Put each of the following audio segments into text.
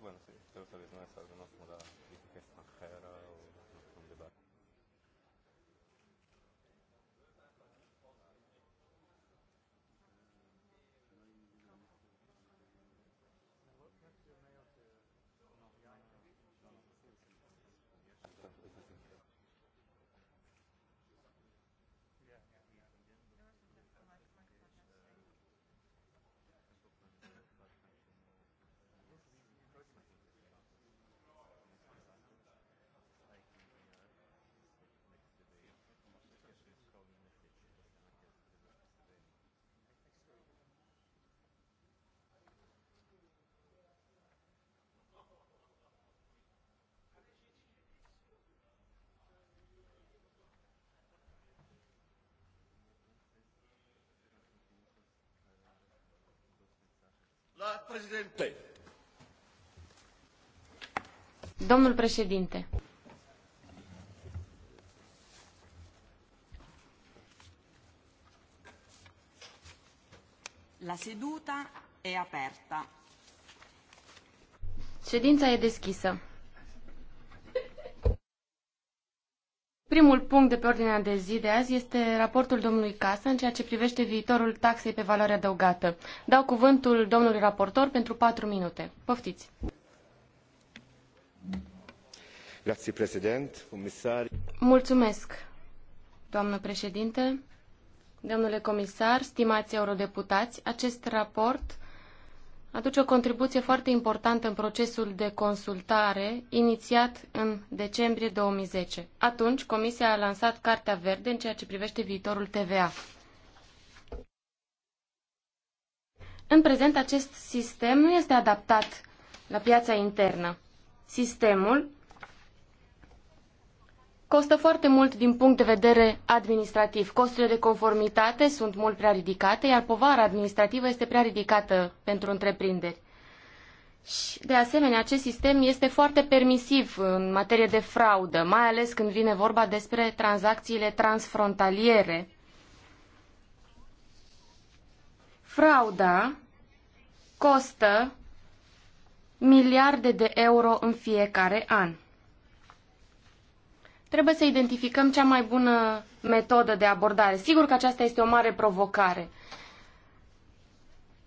bueno, sí, creo que no es algunos como la política extranjera o președinte. președinte. La seduta e aperta. Ședința e deschisă. Primul punct de pe ordinea de zi de azi este raportul domnului Casa în ceea ce privește viitorul taxei pe valoare adăugată. Dau cuvântul domnului raportor pentru patru minute. Poftiți! Grazie, president, comisar. Mulțumesc, doamnă președinte, domnule comisar, stimați eurodeputați. Acest raport aduce o contribuție foarte importantă în procesul de consultare inițiat în decembrie 2010. Atunci, Comisia a lansat Cartea Verde în ceea ce privește viitorul TVA. În prezent, acest sistem nu este adaptat la piața internă. Sistemul costă foarte mult din punct de vedere administrativ. Costurile de conformitate sunt mult prea ridicate, iar povara administrativă este prea ridicată pentru întreprinderi. Și, de asemenea, acest sistem este foarte permisiv în materie de fraudă, mai ales când vine vorba despre tranzacțiile transfrontaliere. Frauda costă miliarde de euro în fiecare an. Trebuie să identificăm cea mai bună metodă de abordare. Sigur că aceasta este o mare provocare.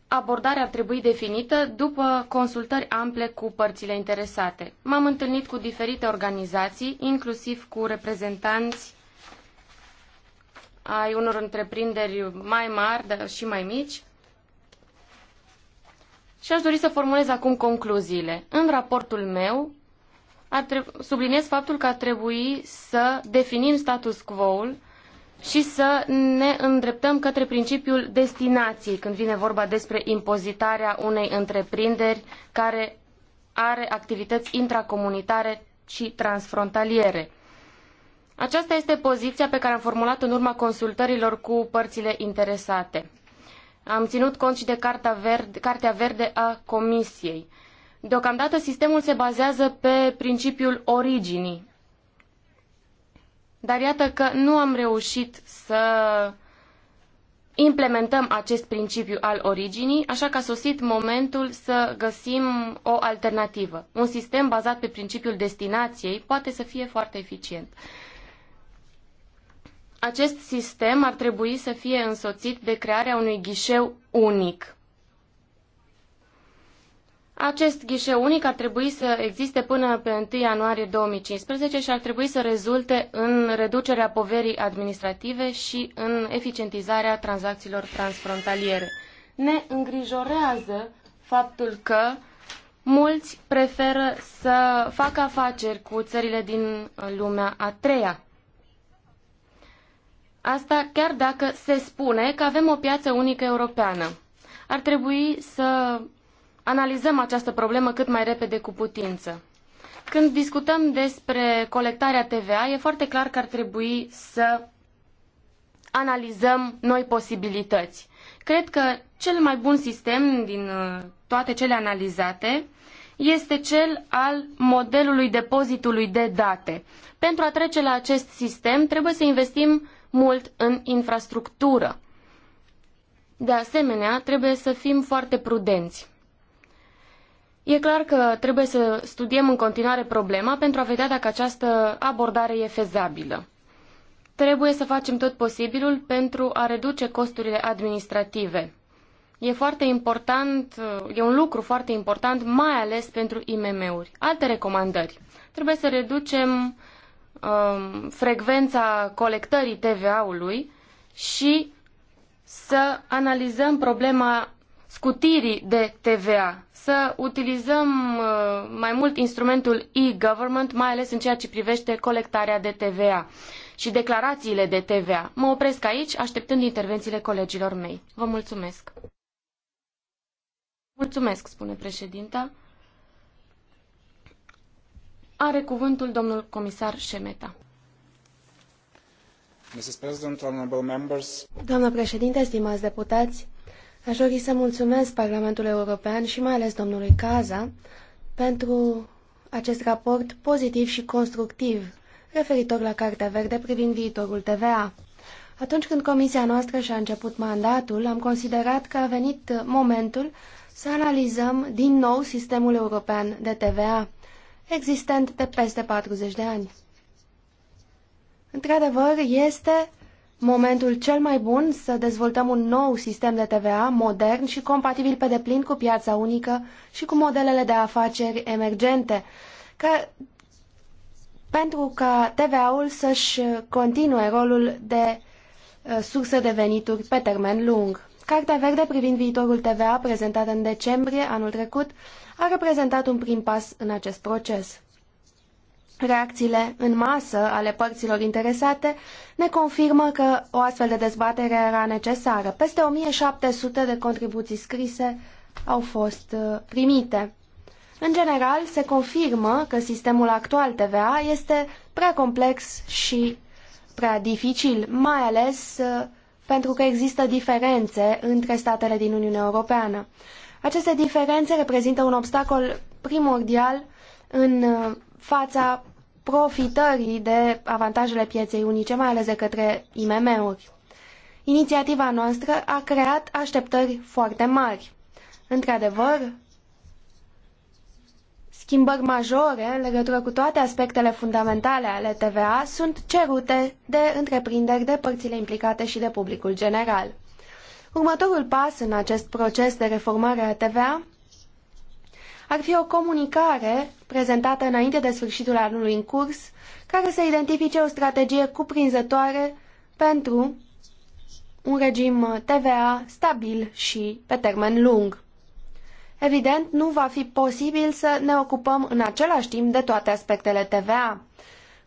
Abordarea ar trebui definită după consultări ample cu părțile interesate. M-am întâlnit cu diferite organizații, inclusiv cu reprezentanți ai unor întreprinderi mai mari dar și mai mici. Și aș dori să formulez acum concluziile. În raportul meu ar subliniez faptul că ar trebui să definim status quo-ul și să ne îndreptăm către principiul destinației când vine vorba despre impozitarea unei întreprinderi care are activități intracomunitare și transfrontaliere. Aceasta este poziția pe care am formulat-o în urma consultărilor cu părțile interesate. Am ținut cont și de Cartea Verde a Comisiei. Deocamdată sistemul se bazează pe principiul originii. Dar iată că nu am reușit să implementăm acest principiu al originii, așa că a sosit momentul să găsim o alternativă. Un sistem bazat pe principiul destinației poate să fie foarte eficient. Acest sistem ar trebui să fie însoțit de crearea unui ghișeu unic. Acest ghișeu unic ar trebui să existe până pe 1 ianuarie 2015 și ar trebui să rezulte în reducerea poverii administrative și în eficientizarea tranzacțiilor transfrontaliere. Ne îngrijorează faptul că mulți preferă să facă afaceri cu țările din lumea a treia. Asta chiar dacă se spune că avem o piață unică europeană. Ar trebui să analizăm această problemă cât mai repede cu putință. Când discutăm despre colectarea TVA, e foarte clar că ar trebui să analizăm noi posibilități. Cred că cel mai bun sistem din uh, toate cele analizate este cel al modelului depozitului de date. Pentru a trece la acest sistem, trebuie să investim mult în infrastructură. De asemenea, trebuie să fim foarte prudenți. E clar că trebuie să studiem în continuare problema pentru a vedea dacă această abordare e fezabilă. Trebuie să facem tot posibilul pentru a reduce costurile administrative. E foarte important, e un lucru foarte important, mai ales pentru IMM-uri. Alte recomandări. Trebuie să reducem um, frecvența colectării TVA-ului și să analizăm problema scutirii de TVA, să utilizăm uh, mai mult instrumentul e-government, mai ales în ceea ce privește colectarea de TVA și declarațiile de TVA. Mă opresc aici, așteptând intervențiile colegilor mei. Vă mulțumesc. Mulțumesc, spune președinta. Are cuvântul domnul comisar Șemeta. Doamnă președinte, stimați deputați, Aș dori să mulțumesc Parlamentul European și mai ales domnului Caza pentru acest raport pozitiv și constructiv referitor la Cartea Verde privind viitorul TVA. Atunci când comisia noastră și-a început mandatul, am considerat că a venit momentul să analizăm din nou sistemul european de TVA, existent de peste 40 de ani. Într-adevăr, este momentul cel mai bun să dezvoltăm un nou sistem de TVA modern și compatibil pe deplin cu piața unică și cu modelele de afaceri emergente, că, pentru ca TVA-ul să-și continue rolul de uh, sursă de venituri pe termen lung. Cartea verde privind viitorul TVA, prezentată în decembrie anul trecut, a reprezentat un prim pas în acest proces. Reacțiile în masă ale părților interesate ne confirmă că o astfel de dezbatere era necesară. Peste 1700 de contribuții scrise au fost uh, primite. În general, se confirmă că sistemul actual TVA este prea complex și prea dificil, mai ales uh, pentru că există diferențe între statele din Uniunea Europeană. Aceste diferențe reprezintă un obstacol primordial în uh, fața profitării de avantajele pieței unice, mai ales de către IMM-uri. Inițiativa noastră a creat așteptări foarte mari. Într-adevăr, schimbări majore în legătură cu toate aspectele fundamentale ale TVA sunt cerute de întreprinderi, de părțile implicate și de publicul general. Următorul pas în acest proces de reformare a TVA ar fi o comunicare prezentată înainte de sfârșitul anului în curs, care să identifice o strategie cuprinzătoare pentru un regim TVA stabil și pe termen lung. Evident, nu va fi posibil să ne ocupăm în același timp de toate aspectele TVA.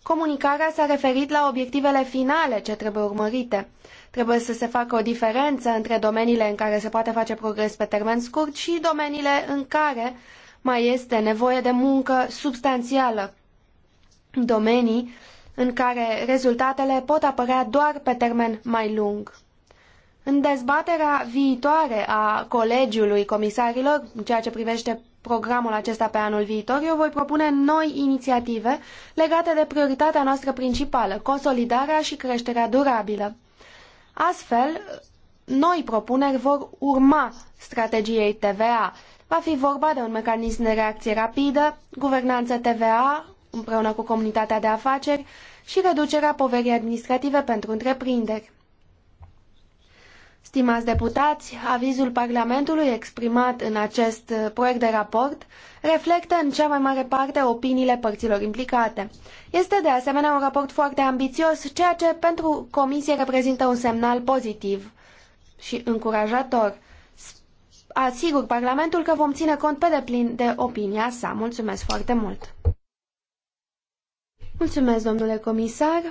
Comunicarea s-a referit la obiectivele finale ce trebuie urmărite. Trebuie să se facă o diferență între domeniile în care se poate face progres pe termen scurt și domeniile în care mai este nevoie de muncă substanțială, domenii în care rezultatele pot apărea doar pe termen mai lung. În dezbaterea viitoare a Colegiului Comisarilor, în ceea ce privește programul acesta pe anul viitor, eu voi propune noi inițiative legate de prioritatea noastră principală, consolidarea și creșterea durabilă. Astfel, noi propuneri vor urma strategiei TVA Va fi vorba de un mecanism de reacție rapidă, guvernanță TVA împreună cu comunitatea de afaceri și reducerea poverii administrative pentru întreprinderi. Stimați deputați, avizul Parlamentului exprimat în acest proiect de raport reflectă în cea mai mare parte opiniile părților implicate. Este de asemenea un raport foarte ambițios, ceea ce pentru Comisie reprezintă un semnal pozitiv și încurajator asigur Parlamentul că vom ține cont pe deplin de opinia sa. Mulțumesc foarte mult! Mulțumesc, domnule comisar!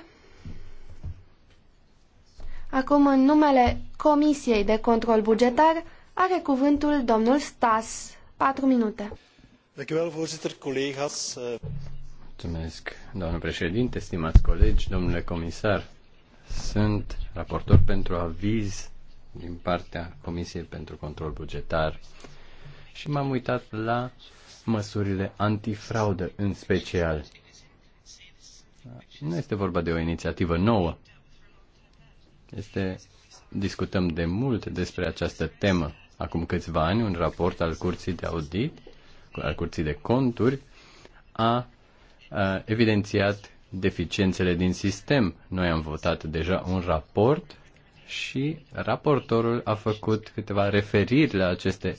Acum, în numele Comisiei de Control Bugetar, are cuvântul domnul Stas. Patru minute. Mulțumesc, doamnă președinte, stimați colegi, domnule comisar. Sunt raportor pentru aviz din partea Comisiei pentru Control Bugetar și m-am uitat la măsurile antifraudă în special. Nu este vorba de o inițiativă nouă. Este, discutăm de mult despre această temă. Acum câțiva ani, un raport al Curții de Audit, al Curții de Conturi, a, a evidențiat deficiențele din sistem. Noi am votat deja un raport și raportorul a făcut câteva referiri la aceste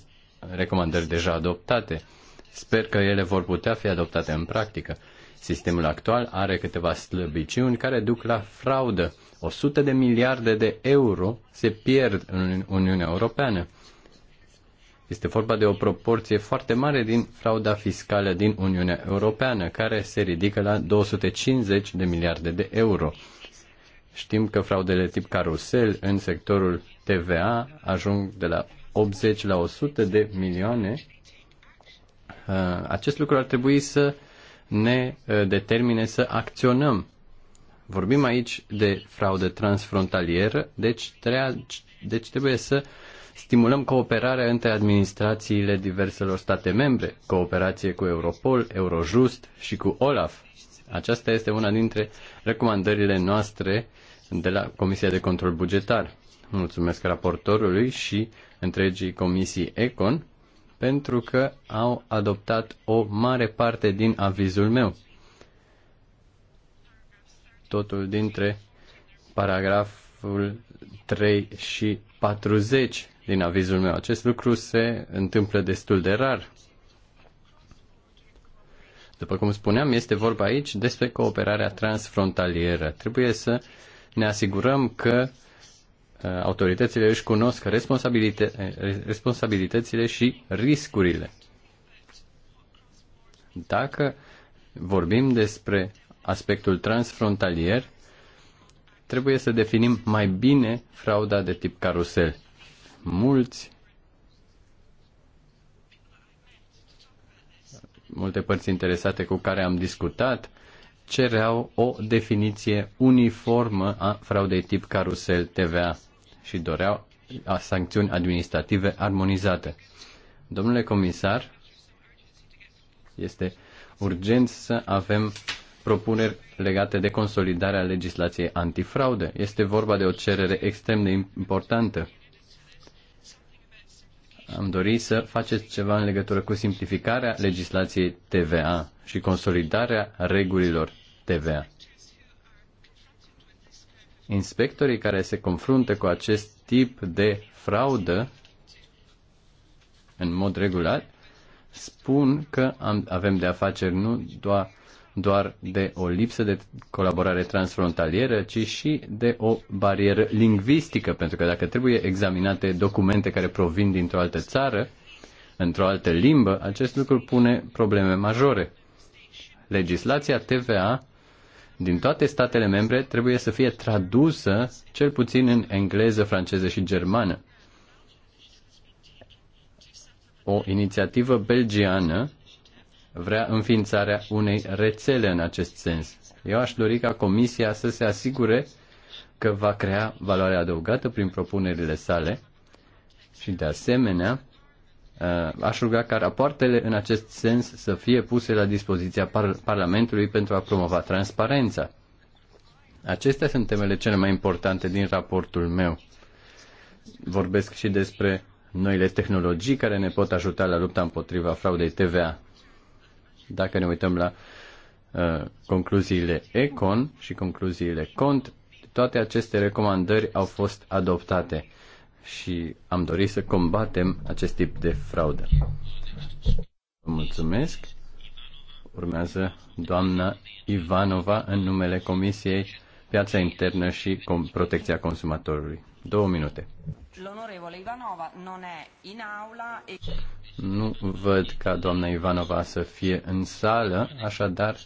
recomandări deja adoptate. Sper că ele vor putea fi adoptate în practică. Sistemul actual are câteva slăbiciuni care duc la fraudă. 100 de miliarde de euro se pierd în Uniunea Europeană. Este vorba de o proporție foarte mare din frauda fiscală din Uniunea Europeană, care se ridică la 250 de miliarde de euro. Știm că fraudele tip carusel în sectorul TVA ajung de la 80 la 100 de milioane. Uh, acest lucru ar trebui să ne uh, determine să acționăm. Vorbim aici de fraudă transfrontalieră, deci, trea, deci trebuie să stimulăm cooperarea între administrațiile diverselor state membre, cooperație cu Europol, Eurojust și cu OLAF. Aceasta este una dintre recomandările noastre uh, de la Comisia de Control Bugetar. Mulțumesc raportorului și întregii comisii ECON pentru că au adoptat o mare parte din avizul meu. Totul dintre paragraful 3 și 40 din avizul meu. Acest lucru se întâmplă destul de rar. După cum spuneam, este vorba aici despre cooperarea transfrontalieră. Trebuie să uh, ne asigurăm că uh, autoritățile își cunosc responsabilită- responsabilitățile și riscurile. Dacă vorbim despre aspectul transfrontalier, trebuie să definim mai bine frauda de tip carusel. Mulți multe părți interesate cu care am discutat cereau o definiție uniformă a fraudei tip carusel TVA și doreau a sancțiuni administrative armonizate. Domnule comisar, este urgent să avem propuneri legate de consolidarea legislației antifraude. Este vorba de o cerere extrem de importantă. Am dorit să faceți ceva în legătură cu simplificarea legislației TVA și consolidarea regulilor TVA. Inspectorii care se confruntă cu acest tip de fraudă în mod regulat spun că am, avem de a face nu doar, doar de o lipsă de colaborare transfrontalieră, ci și de o barieră lingvistică, pentru că dacă trebuie examinate documente care provin dintr-o altă țară, într-o altă limbă, acest lucru pune probleme majore legislația TVA din toate statele membre trebuie să fie tradusă cel puțin în engleză, franceză și germană. O inițiativă belgiană vrea înființarea unei rețele în acest sens. Eu aș dori ca Comisia să se asigure că va crea valoare adăugată prin propunerile sale și, de asemenea, Uh, aș ruga ca rapoartele în acest sens să fie puse la dispoziția par- Parlamentului pentru a promova transparența. Acestea sunt temele cele mai importante din raportul meu. Vorbesc și despre noile tehnologii care ne pot ajuta la lupta împotriva fraudei TVA. Dacă ne uităm la uh, concluziile ECON și concluziile CONT, toate aceste recomandări au fost adoptate și am dorit să combatem acest tip de fraude. Vă mulțumesc. Urmează doamna Ivanova în numele Comisiei Piața Internă și Protecția Consumatorului. Două minute. L'onorevole Ivanova non è in aula e... Nu văd ca doamna Ivanova să fie în sală, așadar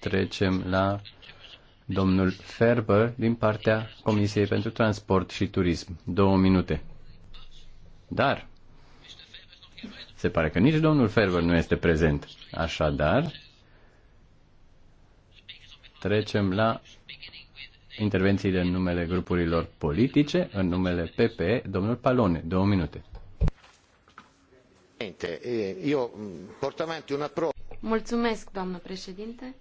trecem la domnul Ferber din partea Comisiei pentru Transport și Turism. Două minute. Dar se pare că nici domnul Ferber nu este prezent. Așadar, trecem la intervențiile în numele grupurilor politice, în numele PP, domnul Palone, două minute. Eh, mm, Mulțumesc, doamnă președinte.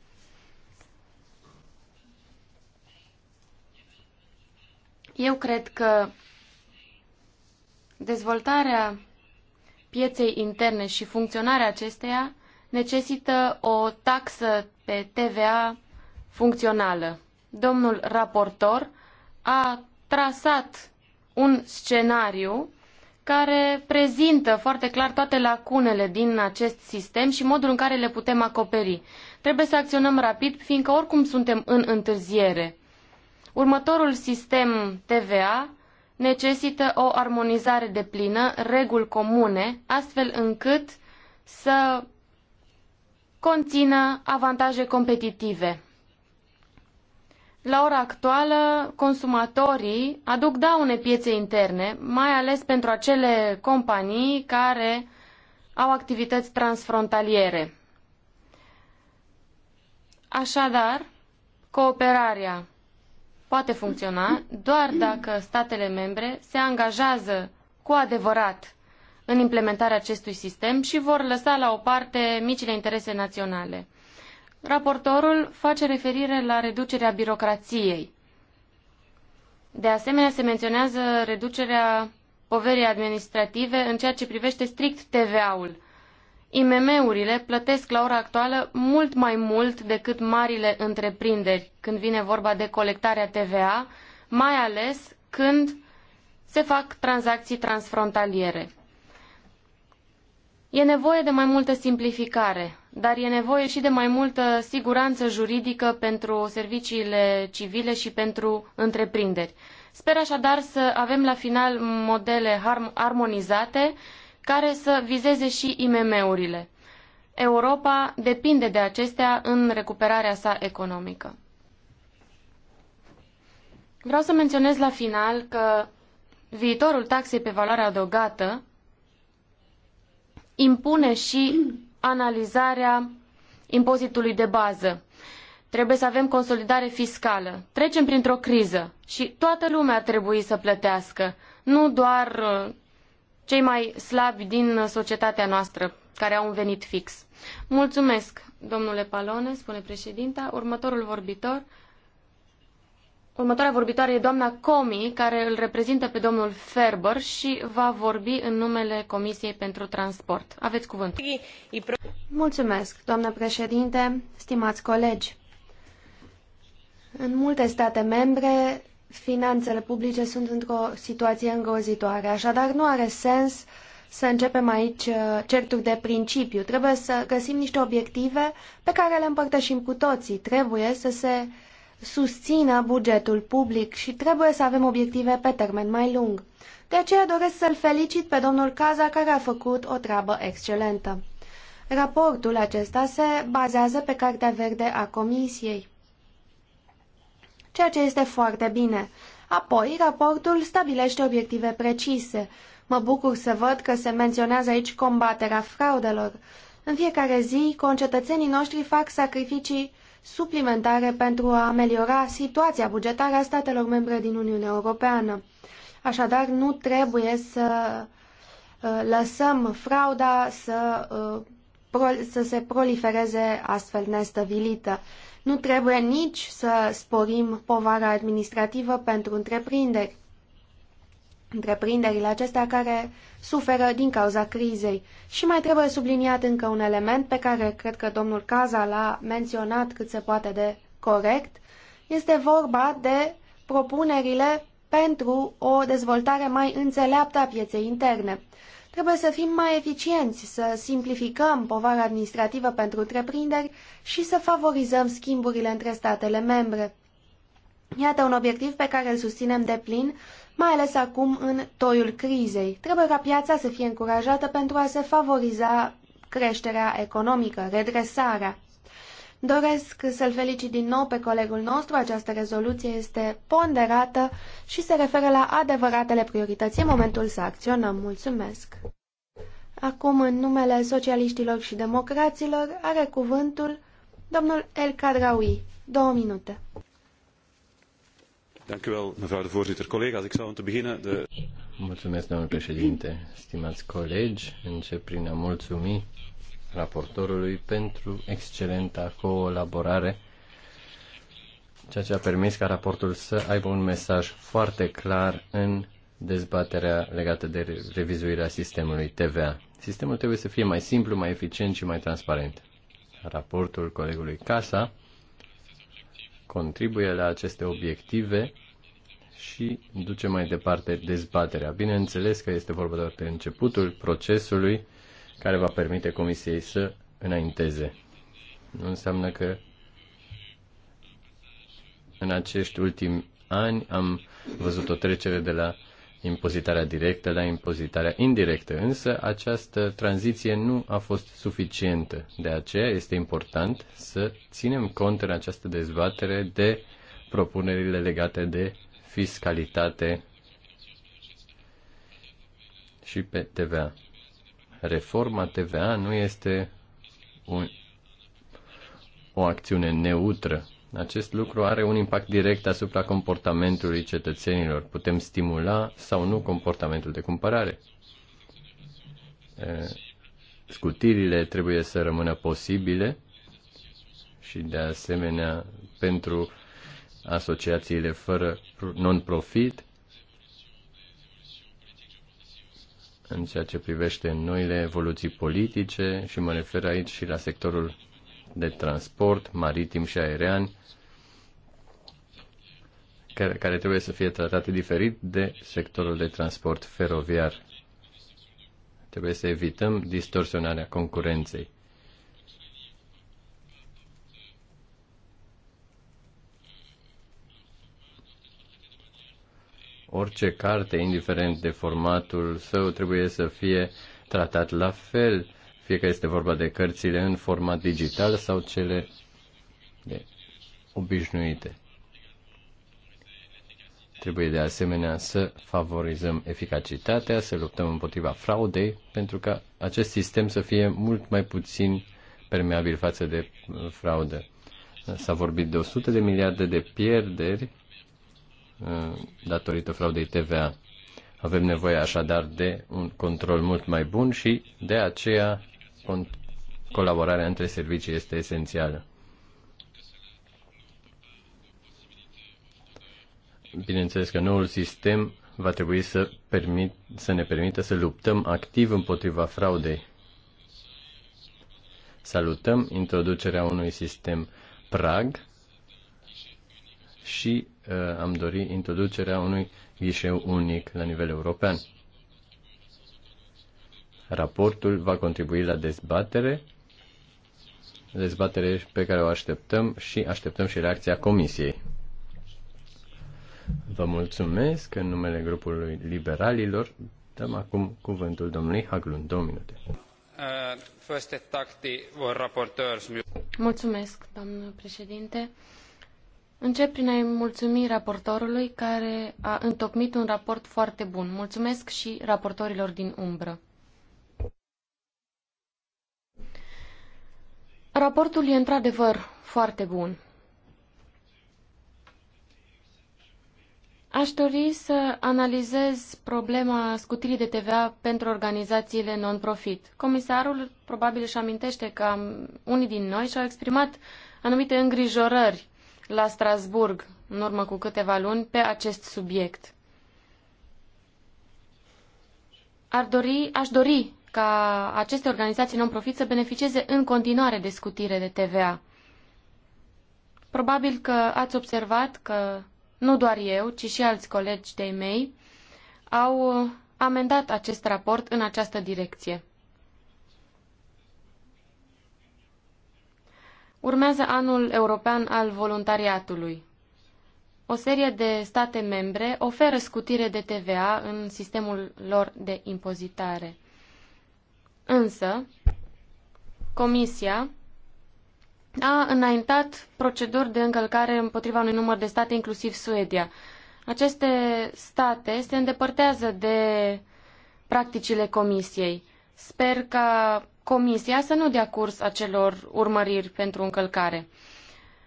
Eu cred că dezvoltarea pieței interne și funcționarea acesteia necesită o taxă pe TVA funcțională. Domnul raportor a trasat un scenariu care prezintă foarte clar toate lacunele din acest sistem și modul în care le putem acoperi. Trebuie să acționăm rapid, fiindcă oricum suntem în întârziere. Următorul sistem TVA necesită o armonizare deplină, reguli comune, astfel încât să conțină avantaje competitive. La ora actuală, consumatorii aduc daune pieței interne, mai ales pentru acele companii care au activități transfrontaliere. Așadar, cooperarea poate funcționa doar dacă statele membre se angajează cu adevărat în implementarea acestui sistem și vor lăsa la o parte micile interese naționale. Raportorul face referire la reducerea birocrației. De asemenea, se menționează reducerea poverii administrative în ceea ce privește strict TVA-ul. IMM-urile plătesc la ora actuală mult mai mult decât marile întreprinderi când vine vorba de colectarea TVA, mai ales când se fac tranzacții transfrontaliere. E nevoie de mai multă simplificare, dar e nevoie și de mai multă siguranță juridică pentru serviciile civile și pentru întreprinderi. Sper așadar să avem la final modele armonizate care să vizeze și IMM-urile. Europa depinde de acestea în recuperarea sa economică. Vreau să menționez la final că viitorul taxei pe valoare adăugată impune și analizarea impozitului de bază. Trebuie să avem consolidare fiscală. Trecem printr-o criză și toată lumea trebuie să plătească, nu doar uh, cei mai slabi din societatea noastră, care au un venit fix. Mulțumesc, domnule Palone, spune președinta. Următorul vorbitor, următoarea vorbitoare e doamna Comi, care îl reprezintă pe domnul Ferber și va vorbi în numele Comisiei pentru Transport. Aveți cuvântul. Mulțumesc, doamnă președinte, stimați colegi. În multe state membre, finanțele publice sunt într-o situație îngrozitoare. Așadar, nu are sens să începem aici uh, certuri de principiu. Trebuie să găsim niște obiective pe care le împărtășim cu toții. Trebuie să se susțină bugetul public și trebuie să avem obiective pe termen mai lung. De aceea doresc să-l felicit pe domnul Caza care a făcut o treabă excelentă. Raportul acesta se bazează pe Cartea Verde a Comisiei ceea ce este foarte bine. Apoi, raportul stabilește obiective precise. Mă bucur să văd că se menționează aici combaterea fraudelor. În fiecare zi, concetățenii noștri fac sacrificii suplimentare pentru a ameliora situația bugetară a statelor membre din Uniunea Europeană. Așadar, nu trebuie să uh, lăsăm frauda să uh, să se prolifereze astfel nestăvilită. Nu trebuie nici să sporim povara administrativă pentru întreprinderi. Întreprinderile acestea care suferă din cauza crizei. Și mai trebuie subliniat încă un element pe care cred că domnul Caza l-a menționat cât se poate de corect. Este vorba de propunerile pentru o dezvoltare mai înțeleaptă a pieței interne. Trebuie să fim mai eficienți, să simplificăm povara administrativă pentru întreprinderi și să favorizăm schimburile între statele membre. Iată un obiectiv pe care îl susținem de plin, mai ales acum în toiul crizei. Trebuie ca piața să fie încurajată pentru a se favoriza creșterea economică, redresarea. Doresc să-l felicit din nou pe colegul nostru. Această rezoluție este ponderată și se referă la adevăratele priorități. E momentul să acționăm. Mulțumesc! Acum, în numele socialiștilor și democraților, are cuvântul domnul El Kadraoui. Două minute. Dank u wel, mevrouw de voorzitter. Collega's, ik zou om te beginnen de... Mulțumesc, domnul președinte. Stimați colegi, încep prin a mulțumi raportorului pentru excelenta colaborare, ceea ce a permis ca raportul să aibă un mesaj foarte clar în dezbaterea legată de revizuirea sistemului TVA. Sistemul trebuie să fie mai simplu, mai eficient și mai transparent. Raportul colegului Casa contribuie la aceste obiective și duce mai departe dezbaterea. Bineînțeles că este vorba doar de începutul procesului care va permite Comisiei să înainteze. Nu înseamnă că în acești ultimi ani am văzut o trecere de la impozitarea directă la impozitarea indirectă, însă această tranziție nu a fost suficientă. De aceea este important să ținem cont în această dezbatere de propunerile legate de fiscalitate și pe TVA reforma TVA nu este un, o acțiune neutră. Acest lucru are un impact direct asupra comportamentului cetățenilor. Putem stimula sau nu comportamentul de cumpărare. Scutirile trebuie să rămână posibile și, de asemenea, pentru asociațiile fără non-profit în ceea ce privește noile evoluții politice și mă refer aici și la sectorul de transport maritim și aerian, care, care trebuie să fie tratate diferit de sectorul de transport feroviar. Trebuie să evităm distorsionarea concurenței. orice carte, indiferent de formatul său, trebuie să fie tratat la fel, fie că este vorba de cărțile în format digital sau cele de obișnuite. Trebuie de asemenea să favorizăm eficacitatea, să luptăm împotriva fraudei, pentru ca acest sistem să fie mult mai puțin permeabil față de uh, fraudă. S-a vorbit de 100 de miliarde de pierderi Uh, datorită fraudei TVA. Avem nevoie așadar de un control mult mai bun și de aceea colaborarea între servicii este esențială. Bineînțeles că noul sistem va trebui să, permit, să ne permită să luptăm activ împotriva fraudei. Salutăm introducerea unui sistem prag și Uh, am dori introducerea unui ghișeu unic la nivel european. Raportul va contribui la dezbatere, dezbatere pe care o așteptăm și așteptăm și reacția Comisiei. Vă mulțumesc în numele grupului liberalilor. Dăm acum cuvântul domnului Haglund. Două minute. Uh, mulțumesc, doamnă președinte. Încep prin a-i mulțumi raportorului care a întocmit un raport foarte bun. Mulțumesc și raportorilor din umbră. Raportul e într-adevăr foarte bun. Aș dori să analizez problema scutirii de TVA pentru organizațiile non-profit. Comisarul probabil își amintește că unii din noi și-au exprimat anumite îngrijorări la Strasburg în urmă cu câteva luni pe acest subiect. Ar dori, aș dori ca aceste organizații non-profit să beneficieze în continuare de scutire de TVA. Probabil că ați observat că nu doar eu, ci și alți colegi de-ai mei au amendat acest raport în această direcție. Urmează anul european al voluntariatului. O serie de state membre oferă scutire de TVA în sistemul lor de impozitare. Însă, Comisia a înaintat proceduri de încălcare împotriva unui număr de state, inclusiv Suedia. Aceste state se îndepărtează de practicile Comisiei. Sper ca Comisia să nu dea curs acelor urmăriri pentru încălcare.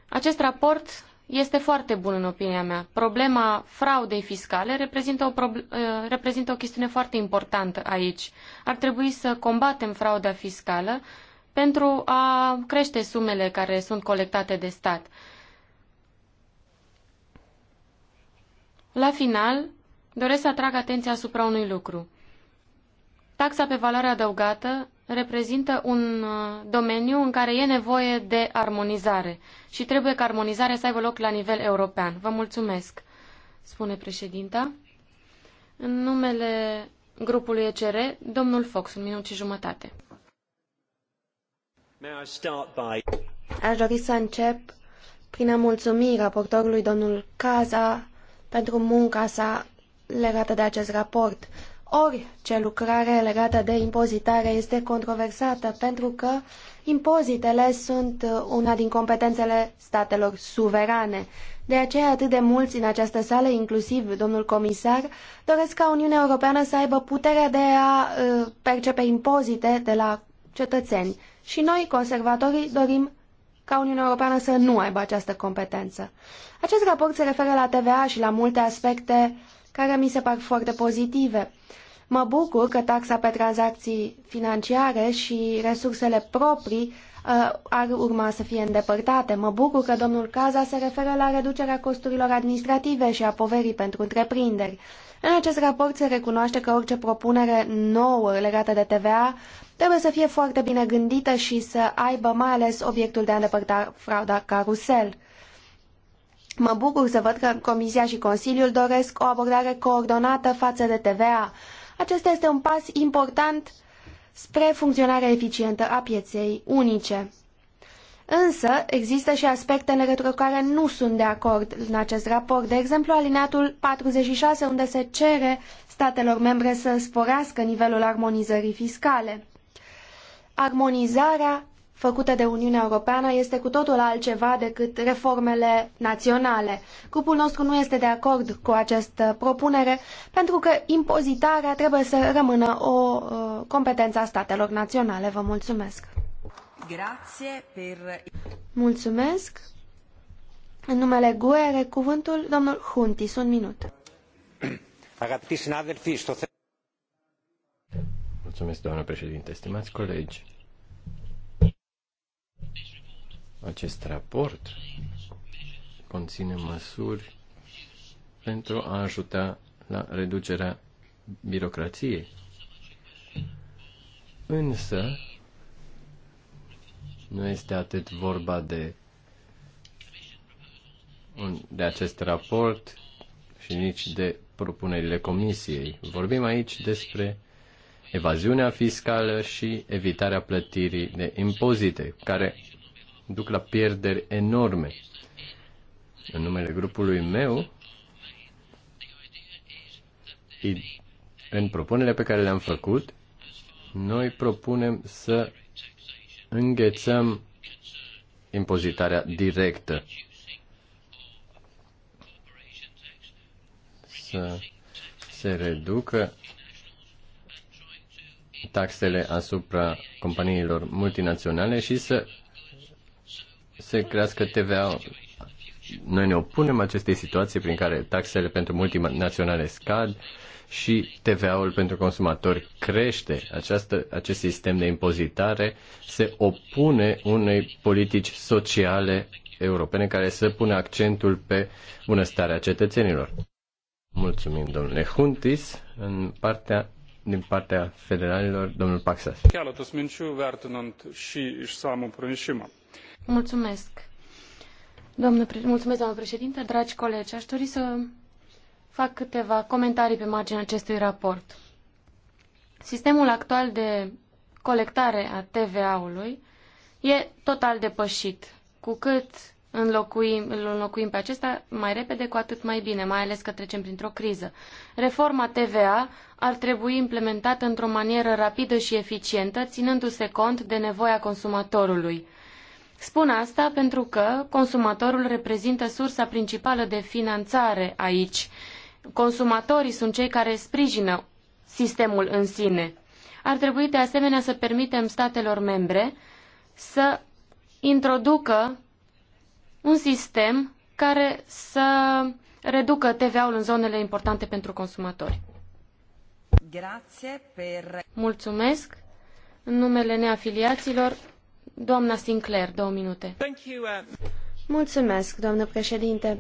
Acest raport este foarte bun în opinia mea. Problema fraudei fiscale reprezintă o, problem, eh, reprezintă o chestiune foarte importantă aici. Ar trebui să combatem frauda fiscală pentru a crește sumele care sunt colectate de stat. La final, doresc să atrag atenția asupra unui lucru. Taxa pe valoare adăugată reprezintă un uh, domeniu în care e nevoie de armonizare și trebuie ca armonizarea să aibă loc la nivel european. Vă mulțumesc, spune președinta. În numele grupului ECR, domnul Fox, un minut și jumătate. Aș dori să încep prin a mulțumi raportorului domnul Caza pentru munca sa legată de acest raport. Orice lucrare legată de impozitare este controversată pentru că impozitele sunt una din competențele statelor suverane. De aceea atât de mulți în această sală, inclusiv domnul comisar, doresc ca Uniunea Europeană să aibă puterea de a uh, percepe impozite de la cetățeni. Și noi, conservatorii, dorim ca Uniunea Europeană să nu aibă această competență. Acest raport se referă la TVA și la multe aspecte uh, care mi se par foarte pozitive. Mă bucur că taxa pe tranzacții financiare și resursele proprii uh, ar urma să fie îndepărtate. Mă bucur că domnul Caza se referă la reducerea costurilor administrative și a poverii pentru întreprinderi. În acest raport se recunoaște că orice propunere nouă legată de TVA trebuie să fie foarte bine gândită și să aibă mai ales obiectul de a îndepărta frauda carusel. Mă bucur să văd că Comisia și Consiliul doresc o abordare coordonată față de TVA. Acesta este un pas important spre funcționarea eficientă a pieței unice. Însă, există și aspecte în legătură cu care nu sunt de acord în acest raport. De exemplu, alineatul 46, unde se cere statelor membre să sporească nivelul armonizării fiscale. Armonizarea făcută de Uniunea Europeană este cu totul altceva decât reformele naționale. Grupul nostru nu este de acord cu această propunere pentru că impozitarea trebuie să rămână o uh, competență a statelor naționale. Vă mulțumesc! Per... Mulțumesc! În numele GUE are cuvântul domnul Huntis. Un minut. Mulțumesc, doamnă președinte. Stimați colegi, Acest raport conține măsuri pentru a ajuta la reducerea birocrației. Însă, nu este atât vorba de, de acest raport și nici de propunerile comisiei. Vorbim aici despre evaziunea fiscală și evitarea plătirii de impozite, care duc la pierderi enorme. În numele grupului meu, în propunerea pe care le-am făcut, noi propunem să înghețăm impozitarea directă. Să se reducă taxele asupra companiilor multinaționale și să se crească TVA. Noi ne opunem acestei situații prin care taxele pentru multinaționale scad și TVA-ul pentru consumatori crește. Această, acest sistem de impozitare se opune unei politici sociale europene care să pună accentul pe bunăstarea cetățenilor. Mulțumim, domnule Huntis. În partea din partea federalilor, domnul Paxas. Keletas minčių vertinant își išsamų pranešimą. Mulțumesc. Doamnă, mulțumesc, doamnă președinte, dragi colegi. Aș dori să fac câteva comentarii pe marginea acestui raport. Sistemul actual de colectare a TVA-ului e total depășit. Cu cât înlocuim, îl înlocuim pe acesta mai repede, cu atât mai bine, mai ales că trecem printr-o criză. Reforma TVA ar trebui implementată într-o manieră rapidă și eficientă, ținându-se cont de nevoia consumatorului. Spun asta pentru că consumatorul reprezintă sursa principală de finanțare aici. Consumatorii sunt cei care sprijină sistemul în sine. Ar trebui de asemenea să permitem statelor membre să introducă un sistem care să reducă TVA-ul în zonele importante pentru consumatori. Mulțumesc. În numele neafiliaților, Sinclair, două minute. Uh, Mulțumesc, președinte.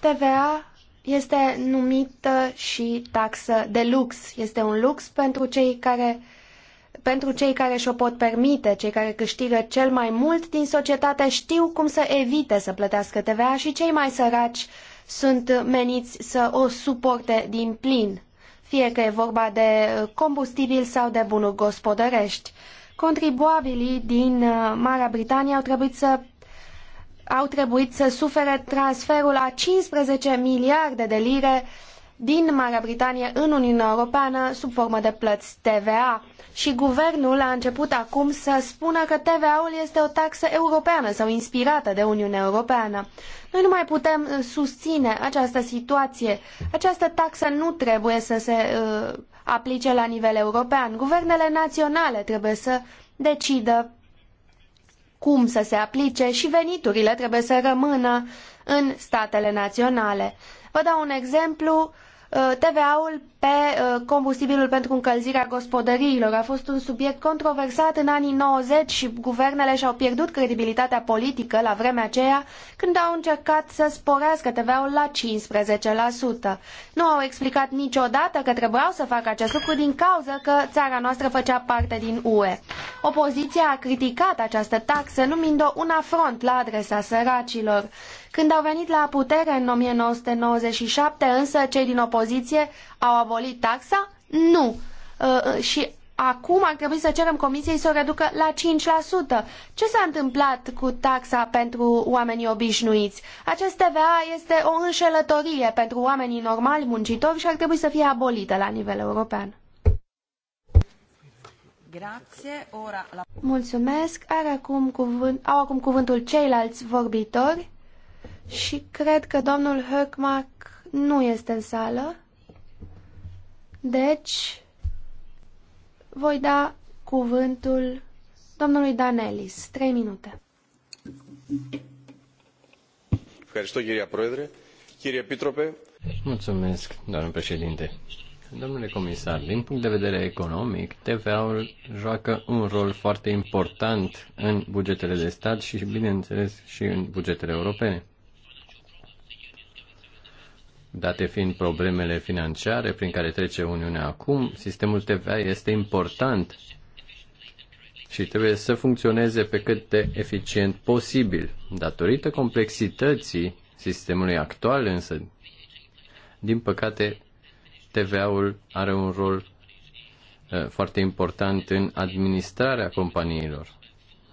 TVA este numită și taxă de lux. Este un lux pentru cei care pentru cei care și-o pot permite, cei care câștigă cel mai mult din societate știu cum să evite să plătească TVA și cei mai săraci sunt meniți să o suporte din plin, fie că e vorba de combustibil sau de bunuri gospodărești. Contribuabilii din uh, Marea Britanie au trebuit să au trebuit să sufere transferul a 15 miliarde de lire din Marea Britanie în Uniunea Europeană sub formă de plăți TVA. Și guvernul a început acum să spună că TVA-ul este o taxă europeană sau inspirată de Uniunea Europeană. Noi nu mai putem uh, susține această situație. Această taxă nu trebuie să se uh, aplice la nivel european. Guvernele naționale trebuie să decidă cum să se aplice și veniturile trebuie să rămână în statele naționale. Vă dau un exemplu. Uh, TVA-ul pe uh, combustibilul pentru încălzirea gospodăriilor. A fost un subiect controversat în anii 90 și guvernele și-au pierdut credibilitatea politică la vremea aceea când au încercat să sporească TVA-ul la 15%. Nu au explicat niciodată că trebuiau să facă acest lucru din cauza că țara noastră făcea parte din UE. Opoziția a criticat această taxă numind-o un afront la adresa săracilor. Când au venit la putere în 1997, însă cei din opoziție au abordat aboli taxa? Nu. Uh, uh, și acum ar trebui să cerem comisiei să o reducă la 5%. Ce s-a întâmplat cu taxa pentru oamenii obișnuiți? Acest TVA este o înșelătorie pentru oamenii normali, muncitori și ar trebui să fie abolită la nivel european. Mulțumesc. Are acum cuvânt, au acum cuvântul ceilalți vorbitori și cred că domnul Höckmark nu este în sală. Deci, voi da cuvântul domnului Danelis. Trei minute. Mulțumesc, doamnă președinte. Domnule comisar, din punct de vedere economic, TVA-ul joacă un rol foarte important în bugetele de stat și, bineînțeles, și în bugetele europene. Date fiind problemele financiare prin care trece Uniunea acum, sistemul TVA este important și trebuie să funcționeze pe cât de eficient posibil. Datorită complexității sistemului actual, însă, din păcate, TVA-ul are un rol uh, foarte important în administrarea companiilor.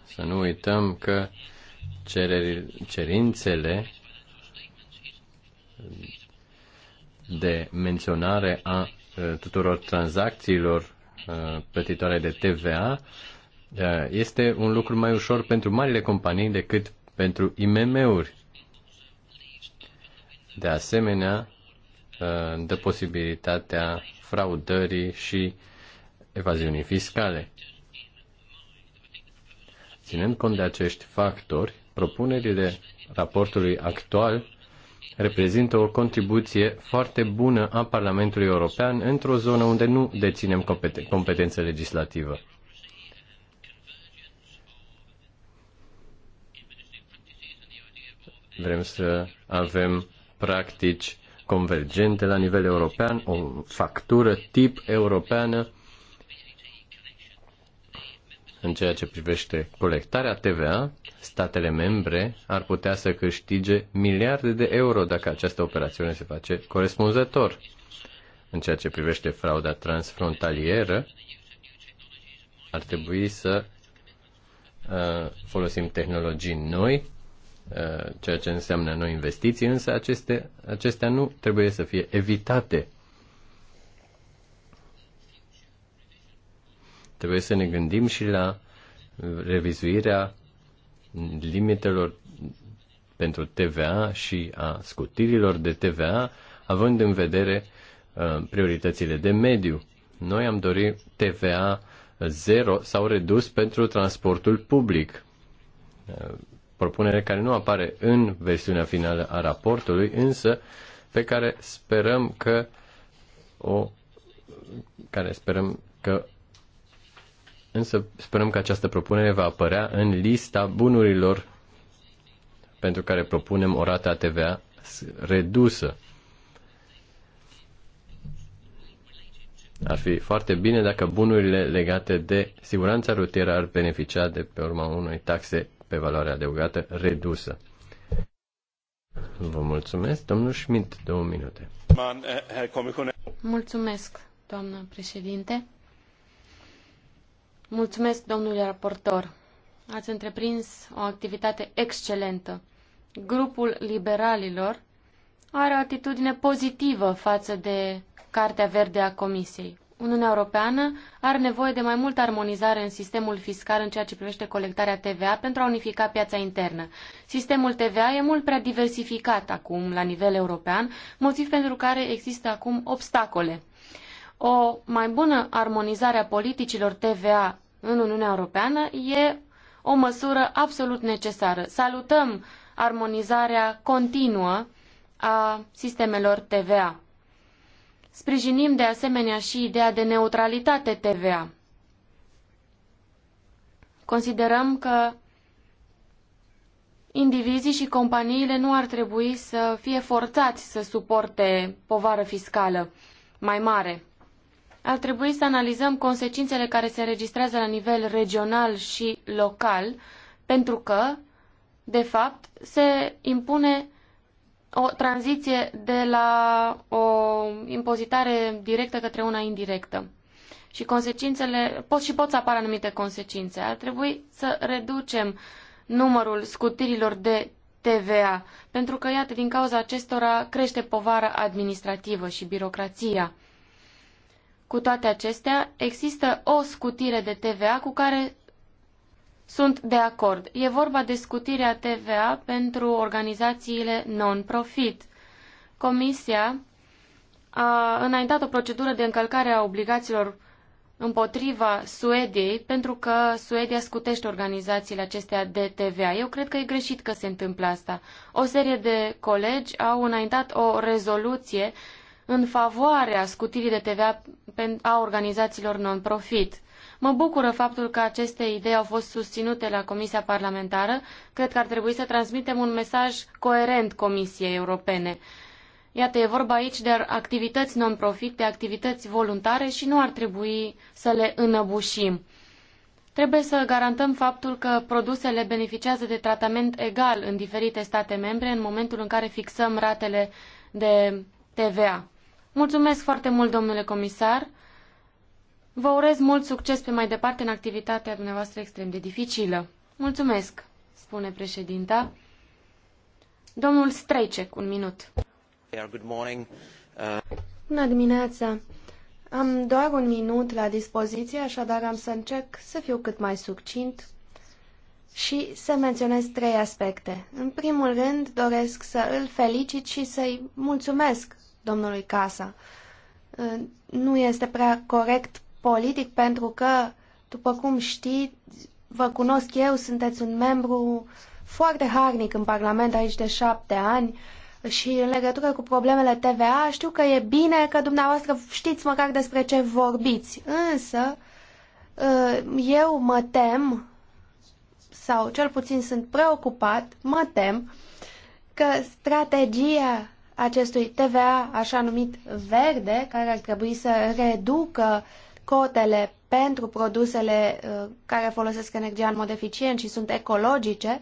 Să nu uităm că cereri, cerințele de menționare a tuturor tranzacțiilor plătitoare de TVA este un lucru mai ușor pentru marile companii decât pentru IMM-uri. De asemenea, dă posibilitatea fraudării și evaziunii fiscale. Ținând cont de acești factori, propunerile raportului actual reprezintă o contribuție foarte bună a Parlamentului European într-o zonă unde nu deținem competen- competență legislativă. Vrem să avem practici convergente la nivel european, o factură tip europeană în ceea ce privește colectarea TVA, statele membre ar putea să câștige miliarde de euro dacă această operațiune se face corespunzător. În ceea ce privește frauda transfrontalieră, ar trebui să uh, folosim tehnologii noi, uh, ceea ce înseamnă noi investiții, însă aceste, acestea nu trebuie să fie evitate. Trebuie să ne gândim și la revizuirea limitelor pentru TVA și a scutirilor de TVA, având în vedere uh, prioritățile de mediu. Noi am dorit TVA zero sau redus pentru transportul public. Uh, propunere care nu apare în versiunea finală a raportului, însă pe care sperăm că o care sperăm că însă sperăm că această propunere va apărea în lista bunurilor pentru care propunem o rată a TVA redusă. Ar fi foarte bine dacă bunurile legate de siguranța rutieră ar beneficia de pe urma unei taxe pe valoare adăugată redusă. Vă mulțumesc. Domnul Schmidt, două minute. Mulțumesc, doamnă președinte. Mulțumesc, domnule raportor. Ați întreprins o activitate excelentă. Grupul liberalilor are o atitudine pozitivă față de Cartea Verde a Comisiei. Uniunea Europeană are nevoie de mai multă armonizare în sistemul fiscal în ceea ce privește colectarea TVA pentru a unifica piața internă. Sistemul TVA e mult prea diversificat acum la nivel european, motiv pentru care există acum obstacole o mai bună armonizare a politicilor TVA în Uniunea Europeană e o măsură absolut necesară. Salutăm armonizarea continuă a sistemelor TVA. Sprijinim de asemenea și ideea de neutralitate TVA. Considerăm că indivizii și companiile nu ar trebui să fie forțați să suporte povară fiscală mai mare ar trebui să analizăm consecințele care se registrează la nivel regional și local, pentru că, de fapt, se impune o tranziție de la o impozitare directă către una indirectă. Și consecințele, pot și pot să apară anumite consecințe. Ar trebui să reducem numărul scutirilor de TVA, pentru că, iată, din cauza acestora crește povara administrativă și birocrația. Cu toate acestea, există o scutire de TVA cu care sunt de acord. E vorba de scutirea TVA pentru organizațiile non-profit. Comisia a înaintat o procedură de încălcare a obligațiilor împotriva Suediei pentru că Suedia scutește organizațiile acestea de TVA. Eu cred că e greșit că se întâmplă asta. O serie de colegi au înaintat o rezoluție în favoarea scutirii de TVA a organizațiilor non-profit. Mă bucură faptul că aceste idei au fost susținute la Comisia Parlamentară. Cred că ar trebui să transmitem un mesaj coerent Comisiei Europene. Iată, e vorba aici de activități non-profit, de activități voluntare și nu ar trebui să le înăbușim. Trebuie să garantăm faptul că produsele beneficiază de tratament egal în diferite state membre în momentul în care fixăm ratele de TVA. Mulțumesc foarte mult, domnule comisar. Vă urez mult succes pe mai departe în activitatea dumneavoastră extrem de dificilă. Mulțumesc, spune președinta. Domnul Strejcek, un minut. Uh, Bună dimineața! Am doar un minut la dispoziție, așadar am să încerc să fiu cât mai succint și să menționez trei aspecte. În primul rând, doresc să îl felicit și să-i mulțumesc domnului Casa. Nu este prea corect politic pentru că, după cum știți, vă cunosc eu, sunteți un membru foarte harnic în Parlament aici de șapte ani și în legătură cu problemele TVA știu că e bine că dumneavoastră știți măcar despre ce vorbiți, însă ă, eu mă tem sau cel puțin sunt preocupat, mă tem că strategia acestui TVA, așa numit verde, care ar trebui să reducă cotele pentru produsele uh, care folosesc energia în mod eficient și sunt ecologice,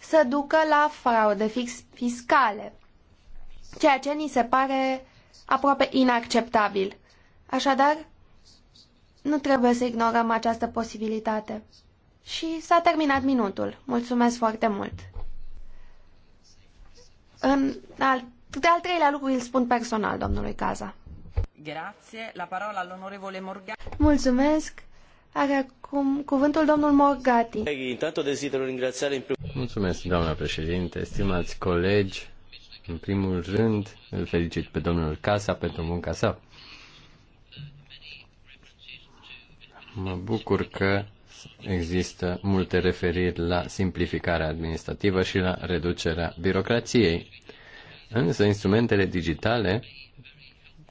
să ducă la fraude fix fiscale, ceea ce ni se pare aproape inacceptabil. Așadar, nu trebuie să ignorăm această posibilitate. Și s-a terminat minutul. Mulțumesc foarte mult. În alt de al treilea lucru îl spun personal domnului Caza. Grazie. La parola all'onorevole Morgati. Mulțumesc. Are acum cuvântul domnul Morgati. Intanto desidero ringraziare in Mulțumesc, doamna președinte, stimați colegi. În primul rând, îl felicit pe domnul Casa pentru munca sa. Mă bucur că există multe referiri la simplificarea administrativă și la reducerea birocrației. Însă instrumentele digitale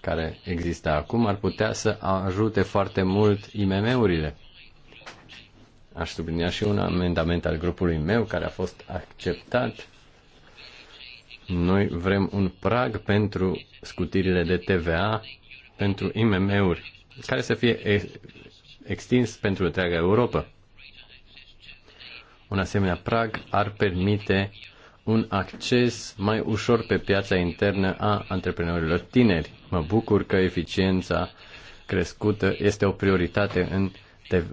care există acum ar putea să ajute foarte mult IMM-urile. Aș sublinia și un amendament al grupului meu care a fost acceptat. Noi vrem un prag pentru scutirile de TVA pentru IMM-uri care să fie extins pentru întreaga Europa. Un asemenea prag ar permite un acces mai ușor pe piața internă a antreprenorilor tineri. Mă bucur că eficiența crescută este o prioritate în TV,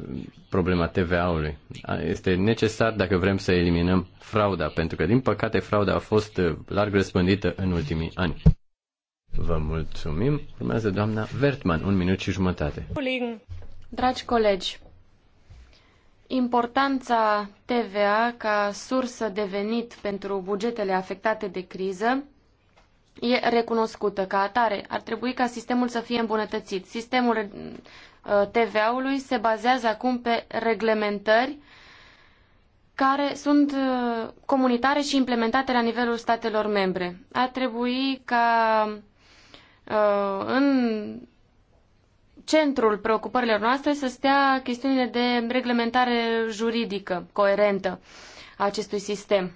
problema TVA-ului. Este necesar dacă vrem să eliminăm frauda, pentru că, din păcate, frauda a fost uh, larg răspândită în ultimii ani. Vă mulțumim. Urmează doamna Vertman, un minut și jumătate. Dragi colegi, importanța TVA ca sursă de venit pentru bugetele afectate de criză e recunoscută ca atare. Ar trebui ca sistemul să fie îmbunătățit. Sistemul uh, TVA-ului se bazează acum pe reglementări care sunt uh, comunitare și implementate la nivelul statelor membre. Ar trebui ca uh, în centrul preocupărilor noastre să stea chestiunile de reglementare juridică coerentă a acestui sistem.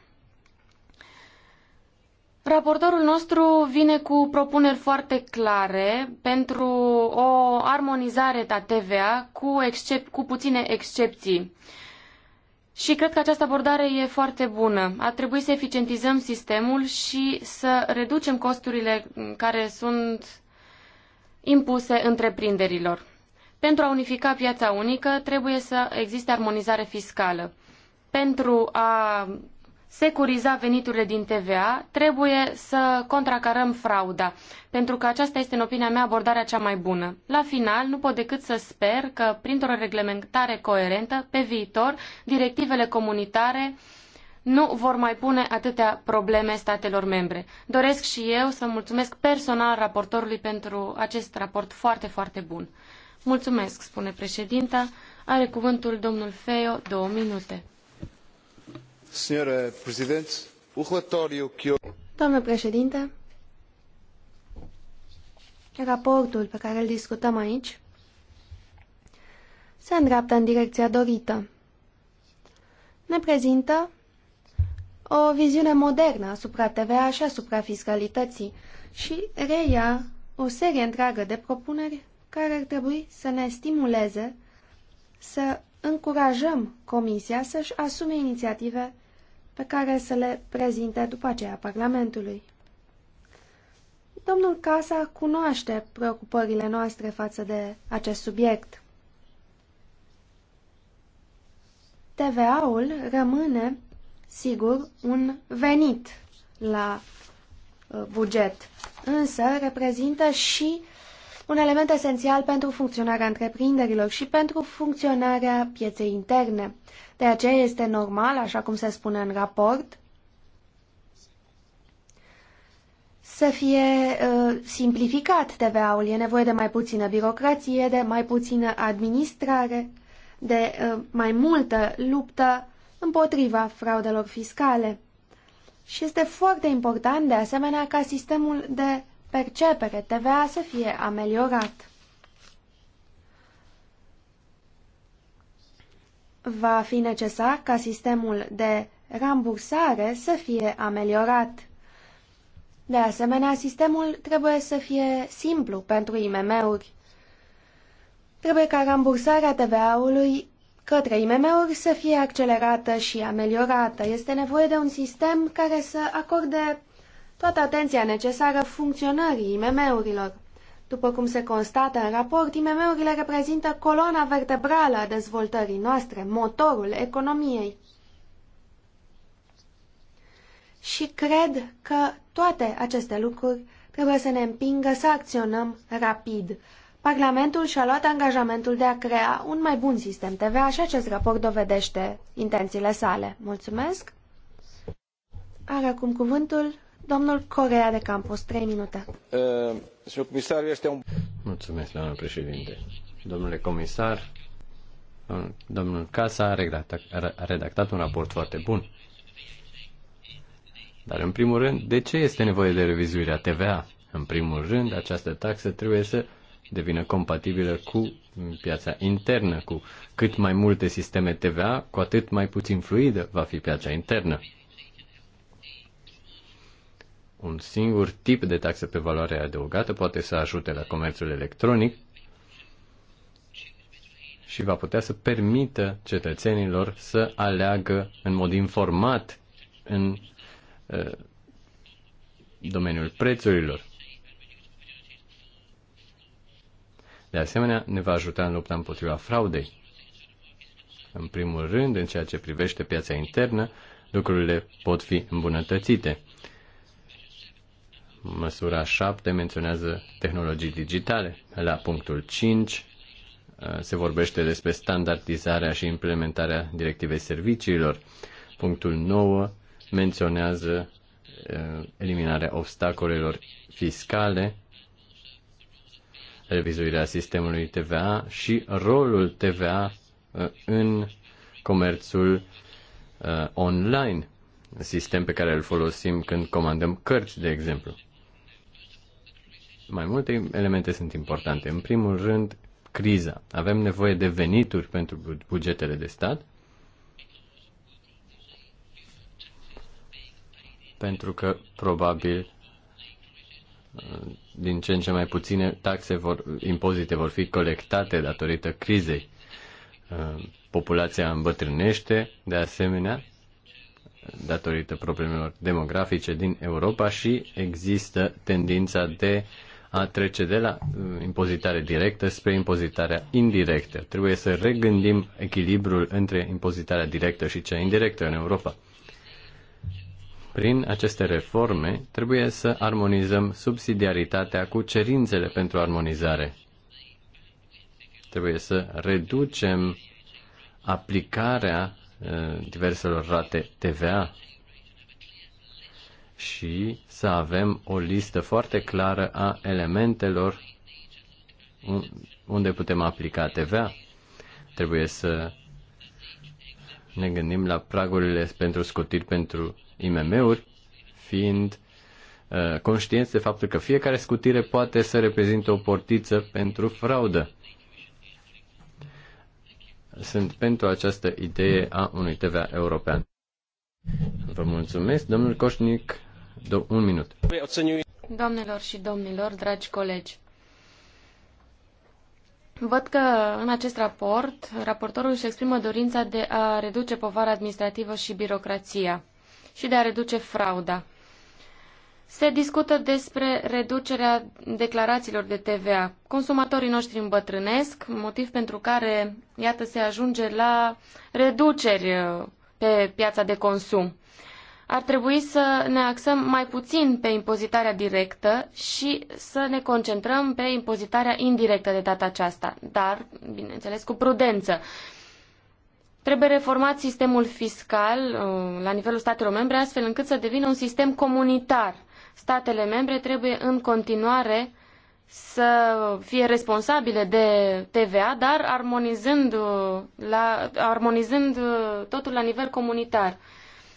Raportorul nostru vine cu propuneri foarte clare pentru o armonizare a TVA cu, excep- cu puține excepții. Și cred că această abordare e foarte bună. Ar trebui să eficientizăm sistemul și să reducem costurile care sunt impuse întreprinderilor. Pentru a unifica piața unică trebuie să existe armonizare fiscală. Pentru a securiza veniturile din TVA, trebuie să contracarăm frauda, pentru că aceasta este, în opinia mea, abordarea cea mai bună. La final, nu pot decât să sper că, printr-o reglementare coerentă, pe viitor, directivele comunitare uh, nu vor mai pune atâtea probleme statelor membre. Doresc și eu să mulțumesc personal raportorului pentru acest raport foarte, foarte bun. Mulțumesc, spune președinta. Are cuvântul domnul Feo, două minute. Domnule președinte, raportul pe care îl discutăm aici se îndreaptă în direcția dorită. Ne prezintă o viziune modernă asupra TVA și asupra fiscalității și reia o serie întreagă de propuneri care ar trebui să ne stimuleze să încurajăm Comisia să-și asume inițiative pe care să le prezinte după aceea Parlamentului. Domnul Casa cunoaște preocupările noastre față de acest subiect. TVA-ul rămâne sigur, un venit la uh, buget, însă reprezintă și un element esențial pentru funcționarea întreprinderilor și pentru funcționarea pieței interne. De aceea este normal, așa cum se spune în raport, să fie uh, simplificat TVA-ul. E nevoie de mai puțină birocrație, de mai puțină administrare, de uh, mai multă luptă împotriva fraudelor fiscale. Și este foarte important, de asemenea, ca sistemul de percepere TVA să fie ameliorat. Va fi necesar ca sistemul de rambursare să fie ameliorat. De asemenea, sistemul trebuie să fie simplu pentru IMM-uri. Trebuie ca rambursarea TVA-ului către IMM-uri să fie accelerată și ameliorată. Este nevoie de un sistem care să acorde toată atenția necesară funcționării IMM-urilor. După cum se constată în raport, IMM-urile reprezintă coloana vertebrală a dezvoltării noastre, motorul economiei. Și cred că toate aceste lucruri trebuie să ne împingă să acționăm rapid. Parlamentul și-a luat angajamentul de a crea un mai bun sistem TVA și acest raport dovedește intențiile sale. Mulțumesc! Are acum cuvântul domnul Corea de Campos, trei minute. Uh, comisar, este un... Mulțumesc, doamnă președinte. Domnule comisar, domnul Casa a redactat, a redactat un raport foarte bun. Dar, în primul rând, de ce este nevoie de revizuirea TVA? În primul rând, această taxă trebuie să devină compatibilă cu piața internă, cu cât mai multe sisteme TVA, cu atât mai puțin fluidă va fi piața internă. Un singur tip de taxă pe valoare adăugată poate să ajute la comerțul electronic și va putea să permită cetățenilor să aleagă în mod informat în uh, domeniul prețurilor De asemenea, ne va ajuta în lupta împotriva fraudei. În primul rând, în ceea ce privește piața internă, lucrurile pot fi îmbunătățite. Măsura 7 menționează tehnologii digitale. La punctul 5 uh, se vorbește despre standardizarea și implementarea directivei serviciilor. Punctul 9 menționează uh, eliminarea obstacolelor fiscale revizuirea sistemului TVA și rolul TVA uh, în comerțul uh, online, sistem pe care îl folosim când comandăm cărți, de exemplu. Mai multe elemente sunt importante. În primul rând, criza. Avem nevoie de venituri pentru bugetele de stat, pentru că probabil din ce în ce mai puține taxe vor, impozite vor fi colectate datorită crizei. Uh, populația îmbătrânește, de asemenea, datorită problemelor demografice din Europa și există tendința de a trece de la uh, impozitare directă spre impozitarea indirectă. Trebuie să regândim echilibrul între impozitarea directă și cea indirectă în Europa. Prin aceste reforme trebuie să armonizăm subsidiaritatea cu cerințele pentru armonizare. Trebuie să reducem aplicarea uh, diverselor rate TVA și să avem o listă foarte clară a elementelor unde putem aplica TVA. Trebuie să ne gândim la pragurile pentru scutiri pentru IMM-uri, fiind uh, conștienți de faptul că fiecare scutire poate să reprezinte o portiță pentru fraudă. Sunt pentru această idee a unui TVA european. Vă mulțumesc, domnul Coșnic, do- un minut. Doamnelor și domnilor, dragi colegi, Văd că în acest raport raportorul își exprimă dorința de a reduce povara administrativă și birocrația și de a reduce frauda. Se discută despre reducerea declarațiilor de TVA. Consumatorii noștri îmbătrânesc, motiv pentru care, iată, se ajunge la reduceri uh, pe piața de consum ar trebui să ne axăm mai puțin pe impozitarea directă și să ne concentrăm pe impozitarea indirectă de data aceasta, dar, bineînțeles, cu prudență. Trebuie reformat sistemul fiscal uh, la nivelul statelor membre, astfel încât să devină un sistem comunitar. Statele membre trebuie în continuare să fie responsabile de TVA, dar armonizând, uh, la, armonizând uh, totul la nivel comunitar.